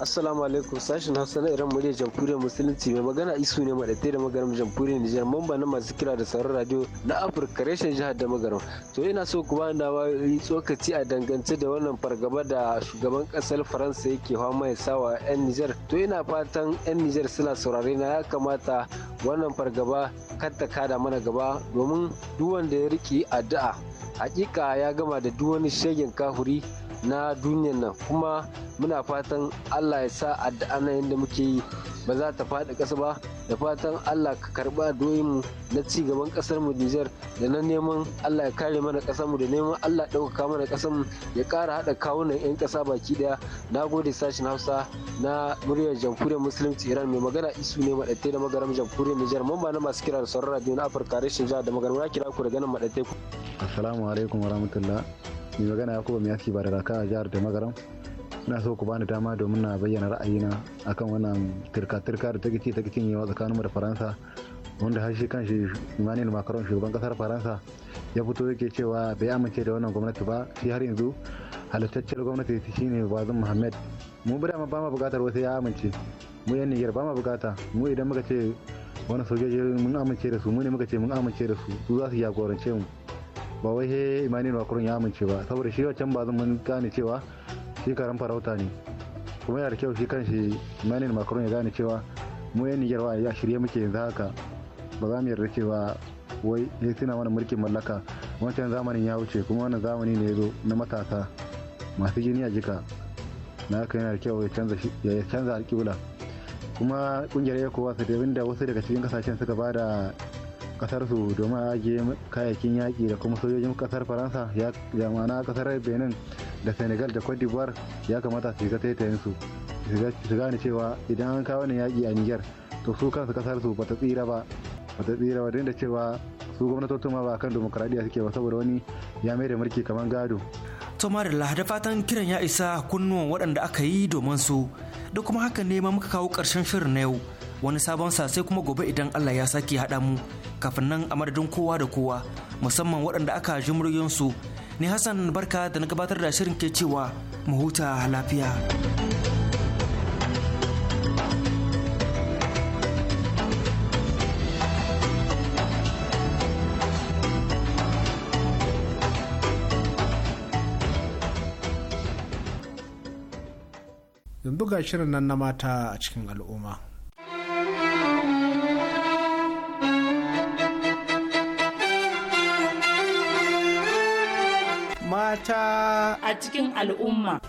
assalamu alaikum sashen hausa na iran murya jamhuriyar musulunci mai magana isu ne madadai da magaram jamhuriyar nijar mamba na masu kira da sauran radio na afirka reshen jihar da magaram to ina so ku ba da wani tsokaci a dangance da wannan fargaba da shugaban kasar faransa yake hawa mai sawa yan nijar to ina fatan yan nijar suna saurare na ya kamata wannan fargaba kar ta kada mana gaba domin duk wanda ya riki addu'a hakika ya gama da duk wani shegen kahuri na duniyar nan kuma muna fatan allah ya sa addu'ana yadda muke yi ba za ta faɗi ƙasa ba da fatan allah ka karɓa doyinmu na ci gaban ƙasar mu nijar da na neman allah ya kare mana ƙasar mu da neman allah ɗaukaka mana ƙasar mu ya ƙara haɗa kawunan 'yan ƙasa baki ɗaya na gode sashen hausa na muryar jamhuriyar musulunci iran mai magana isu ne maɗatai da magaram jamhuriyar nijar ba na masu kira da sauran radio na afirka rashin jihar da magaram na kira ku da ganin maɗatai ku assalamu alaikum rahmatullah. mai magana ya kuma aski ba da raka a jihar da magaram ina so ku bani dama domin na bayyana ra'ayina akan wannan turka-turka da take ce take cinyewa tsakaninmu da faransa wanda har shi kanshi imanin makaron shugaban kasar Faransa ya fito yake cewa bai amince da wannan gwamnati ba shi har yanzu halittacciyar gwamnati shine bazin muhammed mu bi dama ba ma bukatar wasu ya amince mu yan Niger ba ma bukata mu idan muka ce wani sojoji mun amince da su mu ne muka ce mun amince da su su za su jagorance mu ba wai he Emmanuel Macron ya amince ba saboda shi wacan ba mun gane cewa shi karan farauta ne kuma yana da kyau shi kanshi Emmanuel Macron ya gane cewa mu yan Niger wa a shirye muke yanzu haka ba za mu yarda cewa wai ya suna mana mulkin mallaka wancan zamanin ya wuce kuma wannan zamani ne ya zo na matasa masu jini a jika na haka yana da kyau ya canza alƙibla kuma kungiyar su da wasu daga cikin kasashen suka ba da kasar su domin ajiye kayayyakin yaƙi da kuma sojojin kasar faransa ya na kasar benin da senegal da cote d'ivoire ya kamata su shiga taitayen su su gane cewa idan an kawo ne yaƙi a niger to su kansu kasar su bata tsira ba bata tsira ba da cewa su gwamnatocin ma ba kan demokradiya suke ba saboda wani ya mai da mulki kamar gado to da da fatan kiran ya isa kunnuwan waɗanda aka yi domin su da kuma haka ne ma muka kawo karshen shirin na yau wani sabon sa sai kuma gobe idan Allah ya sake haɗa mu kafin nan a madadin kowa da kowa musamman waɗanda aka ji muryoyinsu ni Hassan barka da na gabatar da shirin ke cewa mu huta lafiya. yanzu ga shirin nan na mata a cikin al'umma mata a cikin al'umma.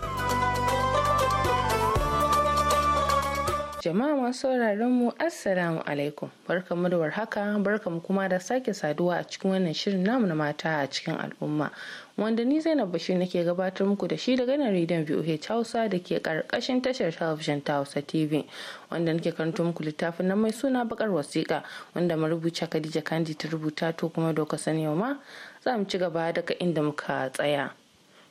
Jama'a masu sauraron mu Assalamu alaikum. Barkamu da warhaka, barkamu kuma da sake saduwa a cikin wannan shirin namu na mata a cikin al'umma. Wanda ni Zainab Bashir nake gabatar muku da shi daga nan rediyon VOH Hausa da ke karkashin tashar talabijin ta Hausa TV. Wanda nake karanto muku littafin nan mai suna bakar wasiƙa wanda marubuci Khadija Kandi ta rubuta to kuma doka sani ma za mu ci gaba daga inda muka tsaya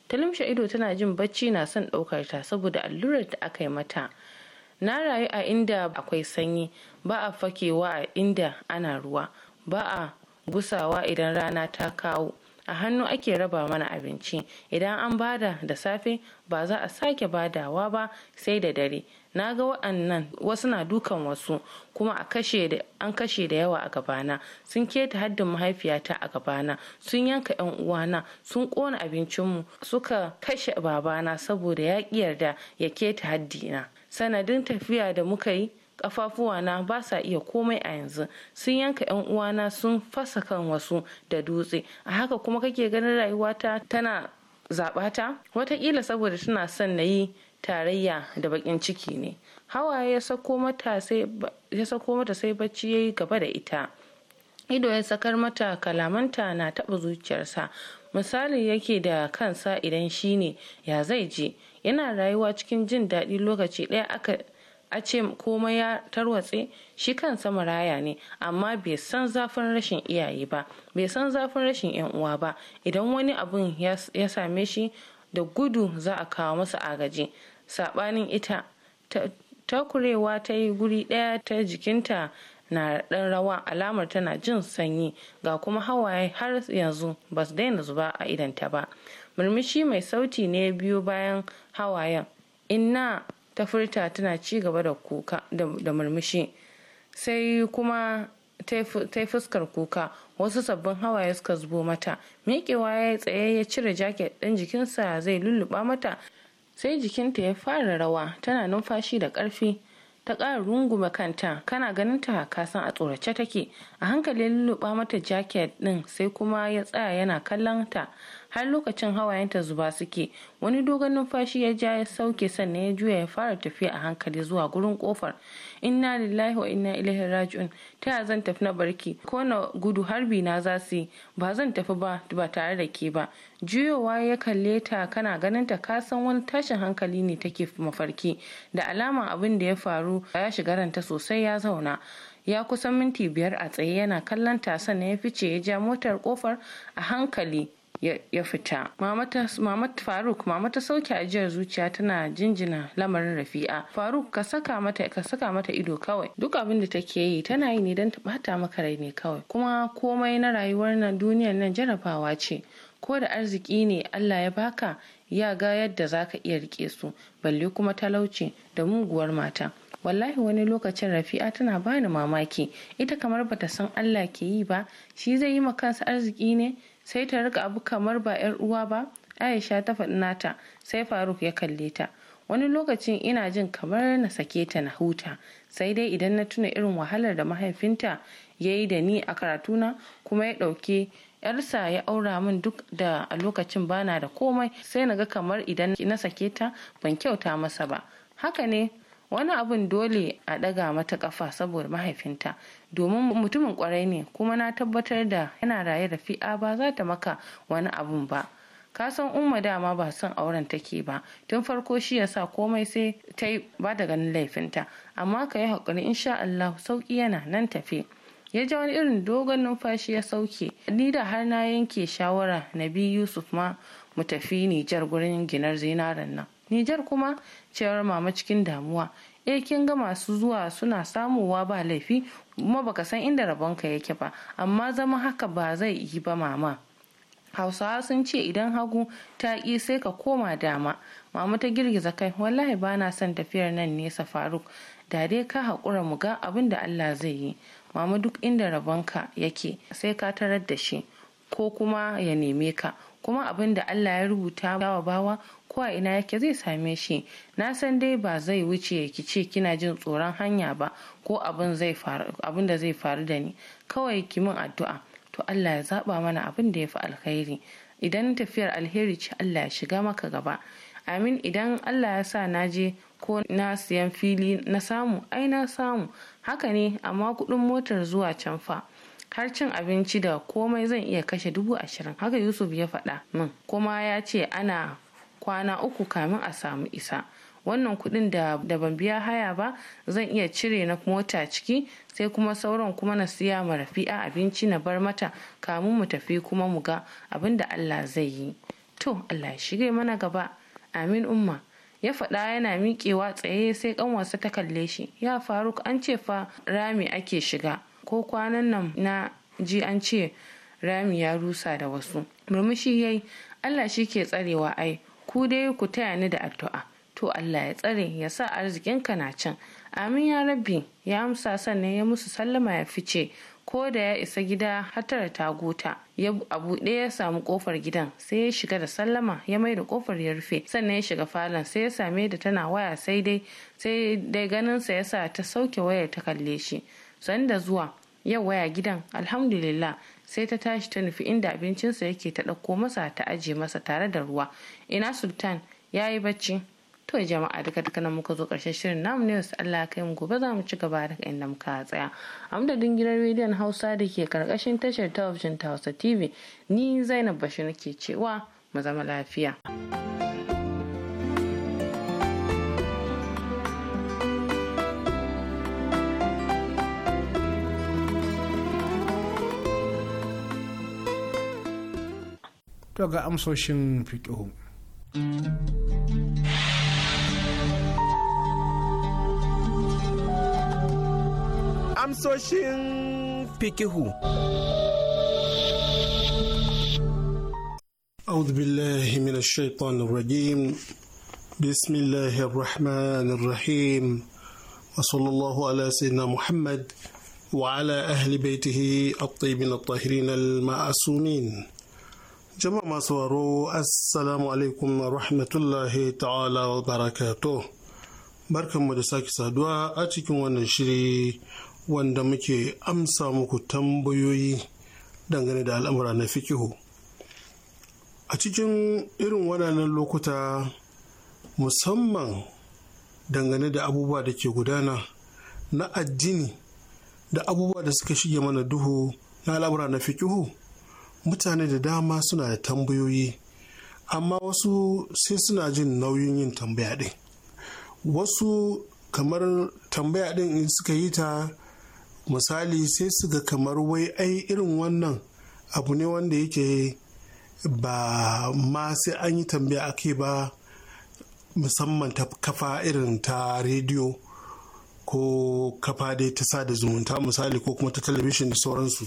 Talim ido tana jin bacci na son ɗaukar ta saboda allurar da aka yi mata na rayu a inda akwai sanyi ba a fakewa a inda ana ruwa ba a gusawa idan rana ta kawo a hannu ake raba mana abinci idan an bada da safe ba za a sake badawa ba sai da dare na ga waɗannan wasu na dukan wasu kuma an kashe da yawa a gabana sun keta haddin mahaifiyata a gabana sun yanka yan uwana sun ƙona abincinmu suka kashe babana saboda ya yarda ya keta haddina sanadin tafiya da muka yi kafafuwana ba sa iya komai a yanzu sun yanka yan uwana sun fasa kan wasu da dutse a haka kuma kake ganin rayuwata tana zaɓata watakila saboda tana son na yi tarayya da bakin ciki ne hawaye ya sako mata sai bacci ya yi gaba da ita ido ya sakar mata kalamanta na taɓa zuciyarsa misali yake da kansa idan shi ne, ya zai je yana rayuwa cikin jin daɗi lokaci ɗaya aka a ce komai ya tarwatse shi kan maraya ne amma bai san zafin rashin iyaye ba bai san zafin rashin yan uwa ba idan wani abun ya same shi da gudu za a kawo masa agaji sabanin ita takurewa ta yi guri ɗaya ta jikinta na ɗan rawa alamar tana jin sanyi ga kuma hawaye har yanzu ba su daina zuba a idanta ba murmushi mai sauti ne biyo bayan hawayen inna ta furta tana ci gaba da kuka da murmushi sai kuma ta yi fuskar kuka wasu sabbin hawaye suka zubo mata miƙewa ya tsaye ya cire jaket ɗin jikinsa zai lulluɓa mata sai jikinta ya fara rawa tana numfashi da ƙarfi ta ƙara rungume kanta kana ganin ta kasan a tsorace take a hankali lulluɓa mata jaket ɗin sai kuma ya tsaya yana kallon ta har lokacin hawayenta zuba suke wani dogon numfashi ya ja ya sauke sannan ya juya ya fara tafiya a hankali zuwa gurin kofar inna lillahi wa inna ilaihi raji'un ta zan tafi na barki ko na gudu harbi na za su yi ba zan tafi ba ba tare da ke ba juyowa ya kalle ta kana ganin ta ka san wani tashin hankali ne take mafarki da alama abin da ya faru ya shiga ranta sosai ya zauna ya kusan minti biyar a tsaye yana kallon ta sannan ya fice ya ja motar kofar a hankali ya fita mama faruk mama ta sauke ajiyar zuciya tana jinjina lamarin rafi'a faruk ka saka mata ka saka mata ido kawai duk abin da take yi tana yi ne don ta bata maka rai ne kawai kuma komai na rayuwar nan duniyar nan jarabawa ce ko da arziki ne allah ya baka ya ga yadda zaka iya rike su balle kuma talauci da muguwar mata wallahi wani lokacin rafi'a tana bani mamaki ita kamar bata san allah ke yi ba shi zai yi ma kansa arziki ne sai ta rika abu kamar ba 'yar uwa ba aisha ta faɗi nata sai faruk ya kalle ta wani lokacin ina jin kamar na sake ta na huta sai dai idan na tuna irin wahalar da mahaifinta ya yi da ni a karatuna kuma ya ɗauke yarsa ya aura min duk da a lokacin bana da komai sai na ga kamar idan na sake ta ban kyauta masa ba haka ne wani abun dole a ɗaga mata ƙafa saboda mahaifinta domin mutumin kwarai ne kuma na tabbatar da yana raye rafi'a ba za ta maka wani abun ba ka san umma dama ba son auren take ba tun farko shi yasa komai sai ta yi ba da ganin laifinta amma ka yi haƙuri insha Allah sauƙi yana nan tafe ya ja wani irin dogon numfashi ya sauke ni da har na yanke shawara na bi Yusuf ma mu tafi Nijar gurin ginar zinaren nan nijar kuma cewar mama cikin damuwa E, kin ga masu zuwa suna samuwa ba laifi kuma baka san inda rabon ka yake ba amma zama haka ba zai yi ba mama hausawa sun ce idan hagu ta ki sai ka koma dama mama ta girgiza kai wallahi ba na son tafiyar nan nesa faruk da dai ka haƙura mu ga abin da allah zai yi mama duk inda rabonka yake sai ka tarar da shi ko kuma ya neme ka kuma abin da allah ya rubuta wa bawa ko ina yake zai same shi na san dai ba zai wuce ki ce kina jin tsoron hanya ba ko abin da zai faru da ni kawai ki min addu'a to Allah ya zaba mana abin da ya fi alkhairi idan tafiyar alheri ce Allah ya shiga maka gaba amin idan Allah ya sa na je ko na siyan fili na samu ai na samu haka ne amma kudin motar zuwa can fa har cin abinci da komai zan iya kashe dubu ashirin haka yusuf ya faɗa min kuma ya ce ana kwana uku kamin a samu isa wannan kuɗin da da ban biya haya ba zan iya cire na mota ciki sai kuma sauran kuma na siya ma rafi'a abinci na bar mata kamun mu tafi kuma mu ga abin da Allah zai yi to Allah ya shige mana gaba amin umma ya faɗa yana miƙewa tsaye sai ƙanwarsa ta kalle shi ya faru! an ce fa rami ake shiga ko kwanan nan na ji an ce rami ya rusa da wasu murmushi yayi Allah shi ke tsarewa ai ku dai ku taya ni da addu'a to Allah ya tsare ya sa arzikinka na can amin ya rabbi ya amsa sannan ya musu sallama ya fice ko da ya isa gida hatar ta gota ya abu buɗe ya samu kofar gidan sai ya shiga da sallama ya mai da kofar ya rufe sannan ya shiga falon sai ya same da tana waya sai dai sai dai ganinsa ya sa ta sauke waya ta kalle shi sanda zuwa yau waya gidan alhamdulillah sai ta tashi ta nufi inda abincinsa yake ta ɗauko masa ta aje masa tare da ruwa ina sultan ya yi bacci to jama'a duka duka nan muka zo ƙarshen shirin namu ne wasu Allah kai mu gobe za mu ci gaba kai inda muka tsaya a madadin gidan rediyon hausa da ke karkashin tashar talabijin ta hausa tv ni zainab bashir nake cewa mu zama lafiya. to ga amsoshin fiƙihu. Amsoshin fikihu أعوذ بالله من الشيطان الرجيم بسم الله الرحمن الرحيم وصلى الله على سيدنا محمد وعلى أهل بيته الطيبين الطاهرين المعصومين jama masu waro assalamu alaikum wa rahmatullahi ta'ala wa barakato barkanmu da sake saduwa a cikin wannan shiri wanda muke amsa muku tambayoyi dangane da al'amura na fikihu a cikin irin waɗannan lokuta musamman dangane da abubuwa da ke gudana na addini da abubuwa da suka shige mana duhu na al'amura na fikihu mutane da dama suna da tambayoyi amma wasu sai suna jin nauyin yin tambaya ɗin wasu kamar tambaya ɗin in suka yi ta misali sai su ga kamar wai ai irin wannan abu ne wanda yake ba ma sai an yi tambaya ake ba musamman ta kafa irin ta rediyo ko kafa dai ta sada zumunta misali ko kuma ta talabishin da sauransu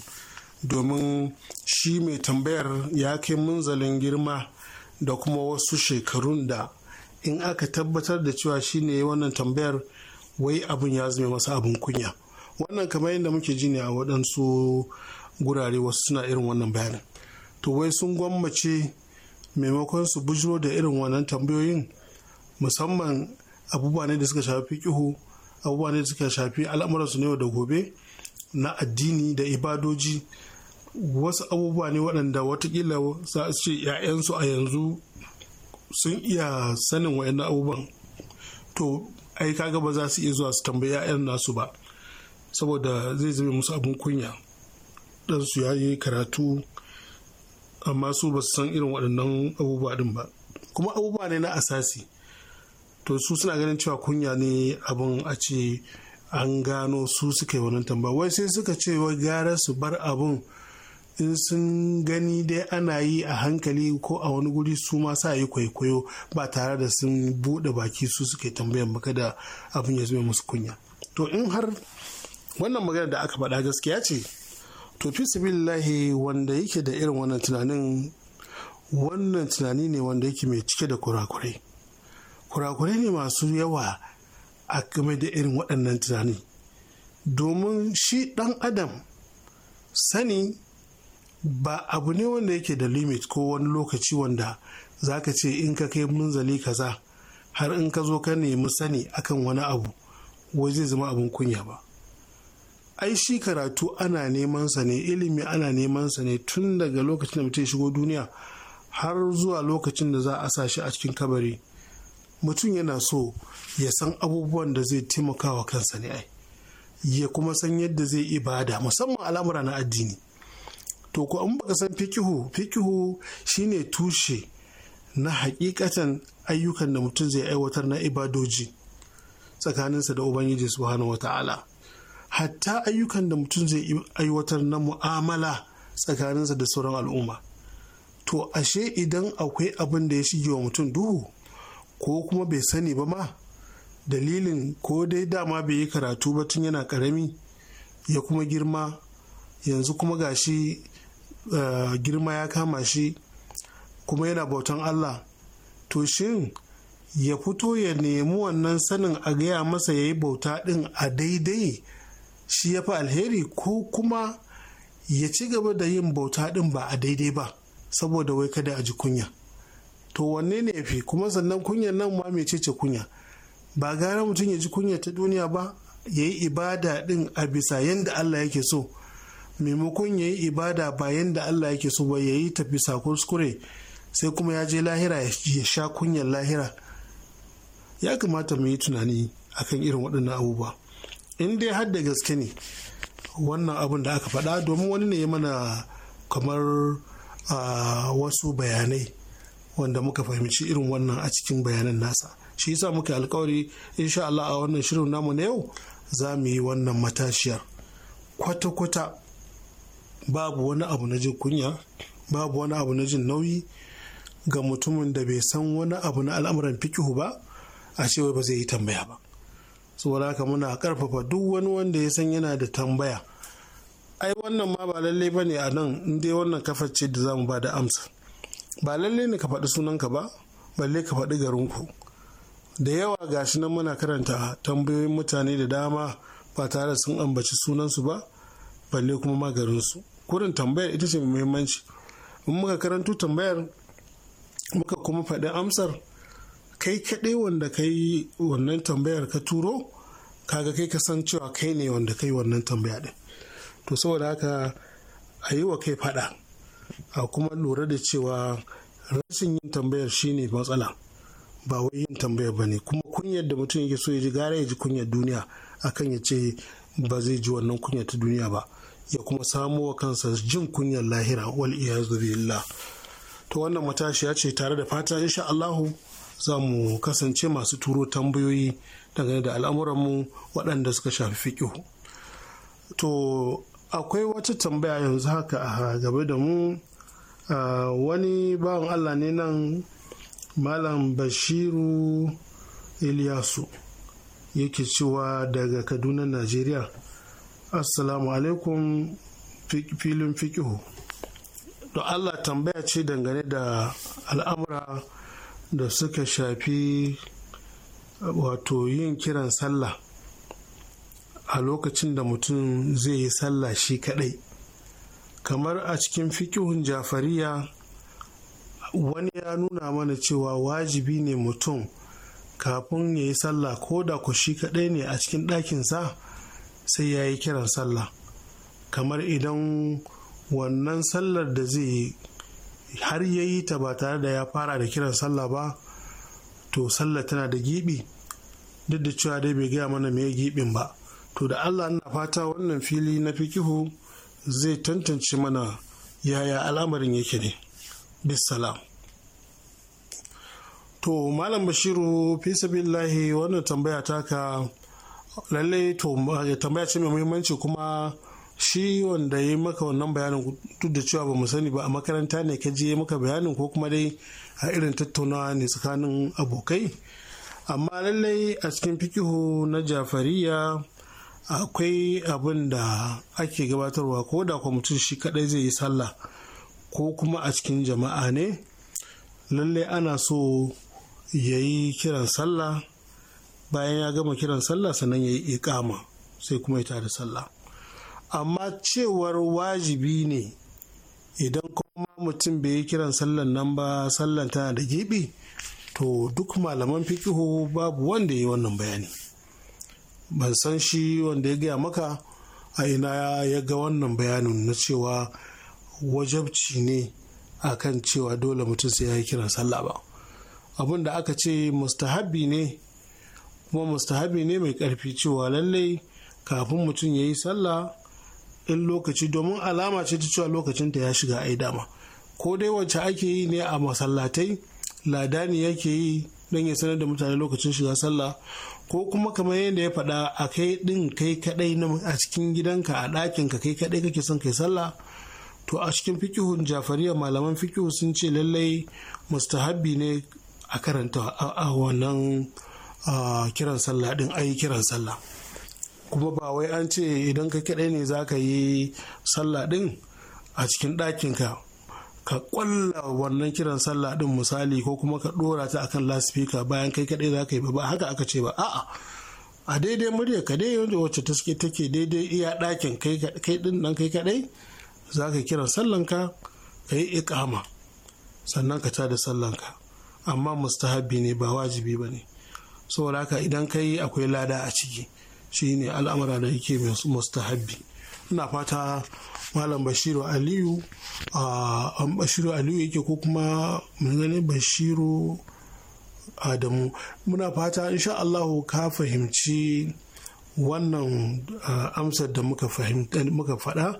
domin shi mai tambayar ya kai munzalin girma da kuma wasu shekarun da in aka tabbatar da cewa shi ne wannan tambayar wai abin ya zama masa abin kunya wannan kamar yadda muke ji ne a waɗansu gurare wasu suna irin wannan bayanin to wai sun gwammace maimakon su bujiro da irin wannan tambayoyin musamman abubuwa ne da suka shafi kihu abubuwa ne da suka shafi al'amuransu ne da gobe na addini da ibadoji wasu abubuwa ne waɗanda watakila za su ce 'ya'yansu a yanzu sun iya sanin wa'annan abubuwan to ai kaga ba za su iya zuwa su tambayi 'ya'yan nasu ba saboda zai zame musu abin kunya ɗansu ya yi karatu amma su ba su san irin waɗannan abubuwa din ba kuma abubuwa ne na asasi to su suna ganin cewa kunya ne abin a ce an gano su suka yi wannan tambaya wai sai suka ce wai gara su bar abun in sun gani dai ana yi a hankali ko a wani guri su ma sa yi kwaikwayo ba tare da sun buɗe baki su suke tambayan maka da abin ya zama musu kunya to in har wannan magana da aka faɗa gaskiya ce to fi lahi wanda yake da irin wannan tunanin wannan tunani ne wanda yake mai cike da kurakurai kurakurai ne masu yawa a game da irin waɗannan tunani domin shi ɗan adam sani ba abu ne wanda yake da limit ko wani lokaci wanda za ka ce in ka kai munzali kaza har in ka zo ka nemi sani akan wani abu wai zai zama abin kunya ba ai shi karatu ana neman sa ne ilimi ana neman sa ne tun daga lokacin da mutum shigo duniya har zuwa lokacin da za a sa shi a cikin kabari mutum yana so ya san abubuwan da zai taimaka wa kansa ne ai ya kuma san yadda zai ibada musamman al'amura na addini to ko an baka san fikihu fikihu shine tushe na hakikatan ayyukan da mutum zai aiwatar na ibadoji tsakaninsa da ubangiji subhanahu wata'ala hatta ayyukan da mutum zai aiwatar na mu'amala tsakaninsa da sauran al'umma to ashe idan akwai abin da ya shige wa mutum duhu ko kuma bai sani ba ma dalilin ko dai dama bai yi karatu ba tun yana karami ya kuma girma yanzu kuma gashi Eh, girma ya kama shi kuma yana bautan Allah to shin ya fito ya nemi wannan sanin a gaya masa ya yi bauta ɗin a daidai shi ya fi alheri ko kuma ya ci gaba da yin bauta ɗin ba a daidai ba saboda wai kada a ji kunya to wanne ne fi kuma sannan kunyar nan ma mai ce kunya ba gara mutum ya ji kunya ta duniya ba ya yi ibada ɗin a bisa yadda Allah yake so maimakon ya yi ibada bayan da Allah yake so ba ya yi tafi kuskure sai kuma ya je lahira ya sha kunyar lahira ya kamata mu yi tunani akan irin waɗannan abubuwa in dai har da gaske ne wannan abin da aka faɗa domin wani ne ya mana kamar wasu bayanai wanda muka fahimci irin wannan a cikin bayanan nasa shi yasa muka alkawari insha Allah a wannan shirin namu na yau za mu yi wannan matashiyar kwata-kwata babu wani abu na jin kunya babu wani abu na jin nauyi ga mutumin da bai san wani abu na al'amuran fikihu ba a cewa ba zai yi tambaya ba saboda haka muna karfafa duk wani wanda ya san yana da tambaya ai wannan ma ba lalle ba ne a nan in dai wannan kafar ce da zamu ba da amsa ba lalle ne ka faɗi sunanka ba balle ka faɗi garinku da yawa gashi nan muna karanta tambayoyin mutane da dama ba tare sun ambaci sunansu ba balle kuma su kurin tambayar ita ce muhimmanci in muka karanto tambayar muka kuma faɗi amsar kai kaɗai wanda ka yi wannan tambayar ka turo kaga kai ka san cewa kai ne wanda ka yi wannan tambaya ɗin to saboda haka a yi wa kai faɗa a kuma lura da cewa rashin yin tambayar shine matsala ba wai yin tambayar ba ne kuma kunyar da mutum yake so ya ji gara ya ji kunyar duniya akan ya ce ba zai ji wannan kunyar ta duniya ba ya kuma samo wa kansa jin kunyar lahira wal iyazu billah to wannan matashiya ce tare da fata insha Allahu za mu kasance masu turo tambayoyi dangane da al'amuranmu waɗanda suka shafi fiƙihu to akwai wata tambaya yanzu haka a gaba da mu wani bawan allah ne nan malam bashiru iliyasu yake cewa daga kaduna najeriya assalamu alaikum filin fikihu to allah tambaya ce dangane da al'amura da suka shafi wato yin kiran sallah a lokacin da mutum zai yi sallah shi kadai kamar a cikin fikihun jafariya wani ya nuna mana cewa wajibi ne mutum kafin ya yi sallah ko da ku shi kadai ne a cikin ɗakinsa sai ya yi kiran sallah kamar idan wannan sallar da zai har ya yi ta ba tare da ya fara da kiran sallah ba to sallah tana da giɓi duk da cewa dai bai gaya mana mai giɓin ba to da allah na fata wannan fili na fikihu zai tantance mana yaya al'amarin yake ne bisalam to malam bashiru fi sabillahi wannan tambaya taka lallai to eh, tambaya ce mai muhimmanci kuma shi wanda ya maka wannan bayanin duk da cewa ba mu sani ba a makaranta ne ka je maka bayanin ko kuma dai a irin tattaunawa ne tsakanin abokai amma lallai a cikin fikihu na jafariya akwai abin da ake gabatarwa ko da kwa mutum shi kadai zai yi sallah ko kuma a cikin jama'a ne lallai ana so ya yi kiran sallah bayan ya gama kiran sallah sannan ya yi ikama sai kuma ya tare sallah amma cewar wajibi ne idan kuma mutum bai yi kiran sallan nan ba sallan tana da gibi to duk malaman fikihu babu wanda ya yi wannan bayani ban san shi wanda ya gaya maka a ina ya ga wannan bayanin na cewa wajabci ne akan cewa dole mutum sai ya yi kiran sallah ba abin da aka ce mustahabbi ne kuma mustahabi ne mai karfi cewa lallai kafin mutum ya yi sallah in lokaci domin alama ce ta cewa lokacinta ya shiga ai dama ko dai wacce ake yi ne a masallatai ladani yake yi don ya sanar da mutane lokacin shiga sallah ko kuma kamar yadda ya faɗa a kai ɗin kai kaɗai a cikin gidanka a ɗakinka kai kaɗai kake son kai sallah to a cikin fikihun jafariya malaman fikihu sun ce lallai mustahabbi ne a karanta a wannan A kiran sallah din ai kiran sallah kuma ba wai an ce idan ka kaɗai ne za ka yi sallah din a cikin ɗakinka ka ƙwalla wannan kiran sallah din misali ko kuma ka ɗora ta akan laspika bayan kai kaɗai za ka yi ba haka aka ce ba a'a a daidai murya ka dai wanda wacce ta suke take daidai iya ɗakin kai ɗin nan kai kaɗai za ka kira sallanka ka yi iƙama sannan ka tada sallanka amma mustahabi ne ba wajibi ba ne saboda haka idan kai akwai lada a ciki shine al'amura da yake mustahabbi ina fata malam bashiru aliyu a bashiru aliyu yake ko kuma gani bashiru adamu muna fata insha Allah ka fahimci wannan amsar da muka faɗa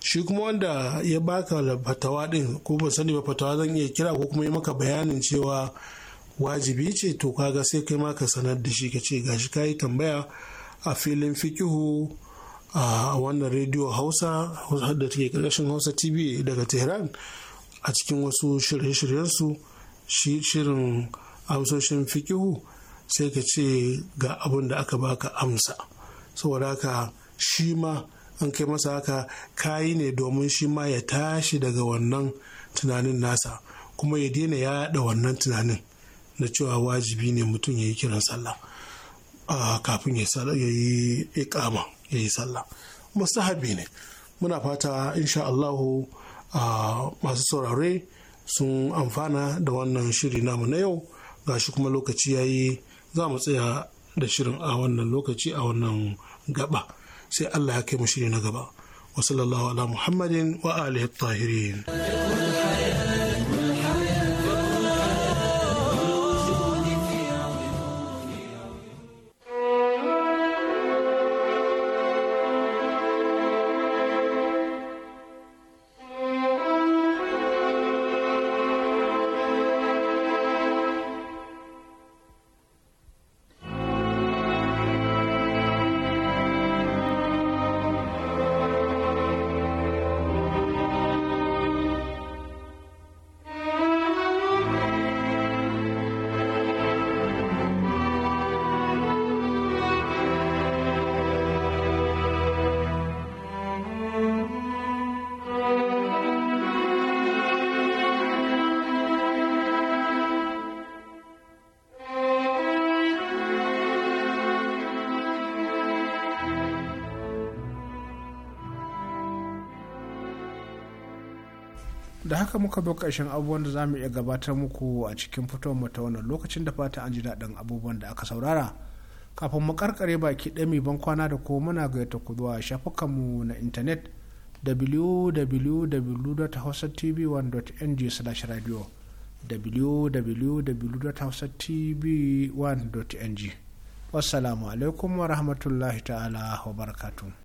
shi kuma wanda ya baka fatawa din ko ba sani ba fatawa zan iya kira ko kuma yi maka bayanin cewa wajibi ce to kaga sai kai ma ka sanar da shi ka ce gashi ka yi tambaya a filin fikihu a wannan rediyo hausa da take karkashin hausa tv daga tehran a cikin wasu shirye-shiryensu shi shirin amsoshin fikihu sai ka ce ga abin da aka baka amsa saboda haka shi ma an kai masa haka kayi ne domin shi ma ya tashi daga wannan tunanin nasa kuma ya daina yada wannan tunanin na cewa wajibi ne mutum ya yi kiran sallah kafin ya yi ikama ya yi sallah mustahabi ne muna fata insha Allahu masu saurare sun amfana da wannan shiri namu na yau gashi kuma lokaci ya yi za mu tsaya da shirin a wannan lokaci a wannan gaba sai Allah ya kai mu shiri na gaba wasu ala muhammadin wa alihi tahirin haka muka bi ƙarshen abubuwan da za mu iya gabatar muku a cikin fitowar mu ta wannan lokacin da fata an ji daɗin abubuwan da aka saurara kafin mu karkare baki ɗami ban kwana da ko muna gayyata ku zuwa shafukanmu na intanet www.hausatv1.ng/radio www.hausatv1.ng wassalamu alaikum wa rahmatullahi ta'ala wa barakatuh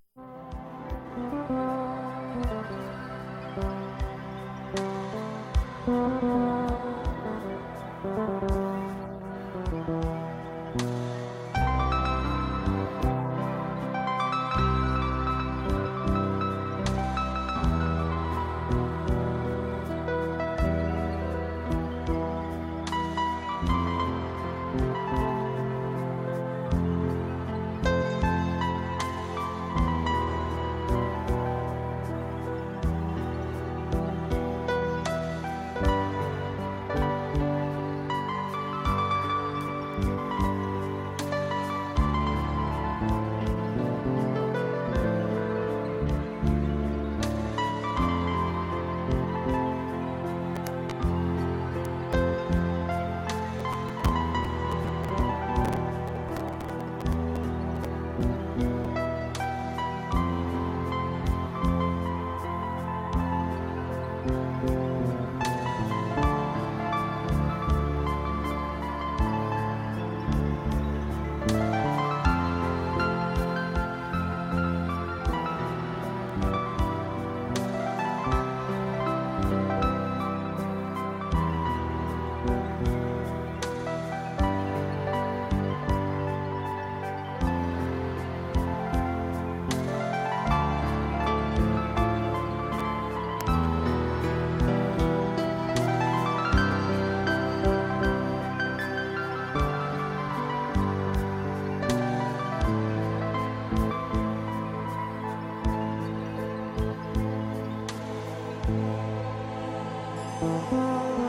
Música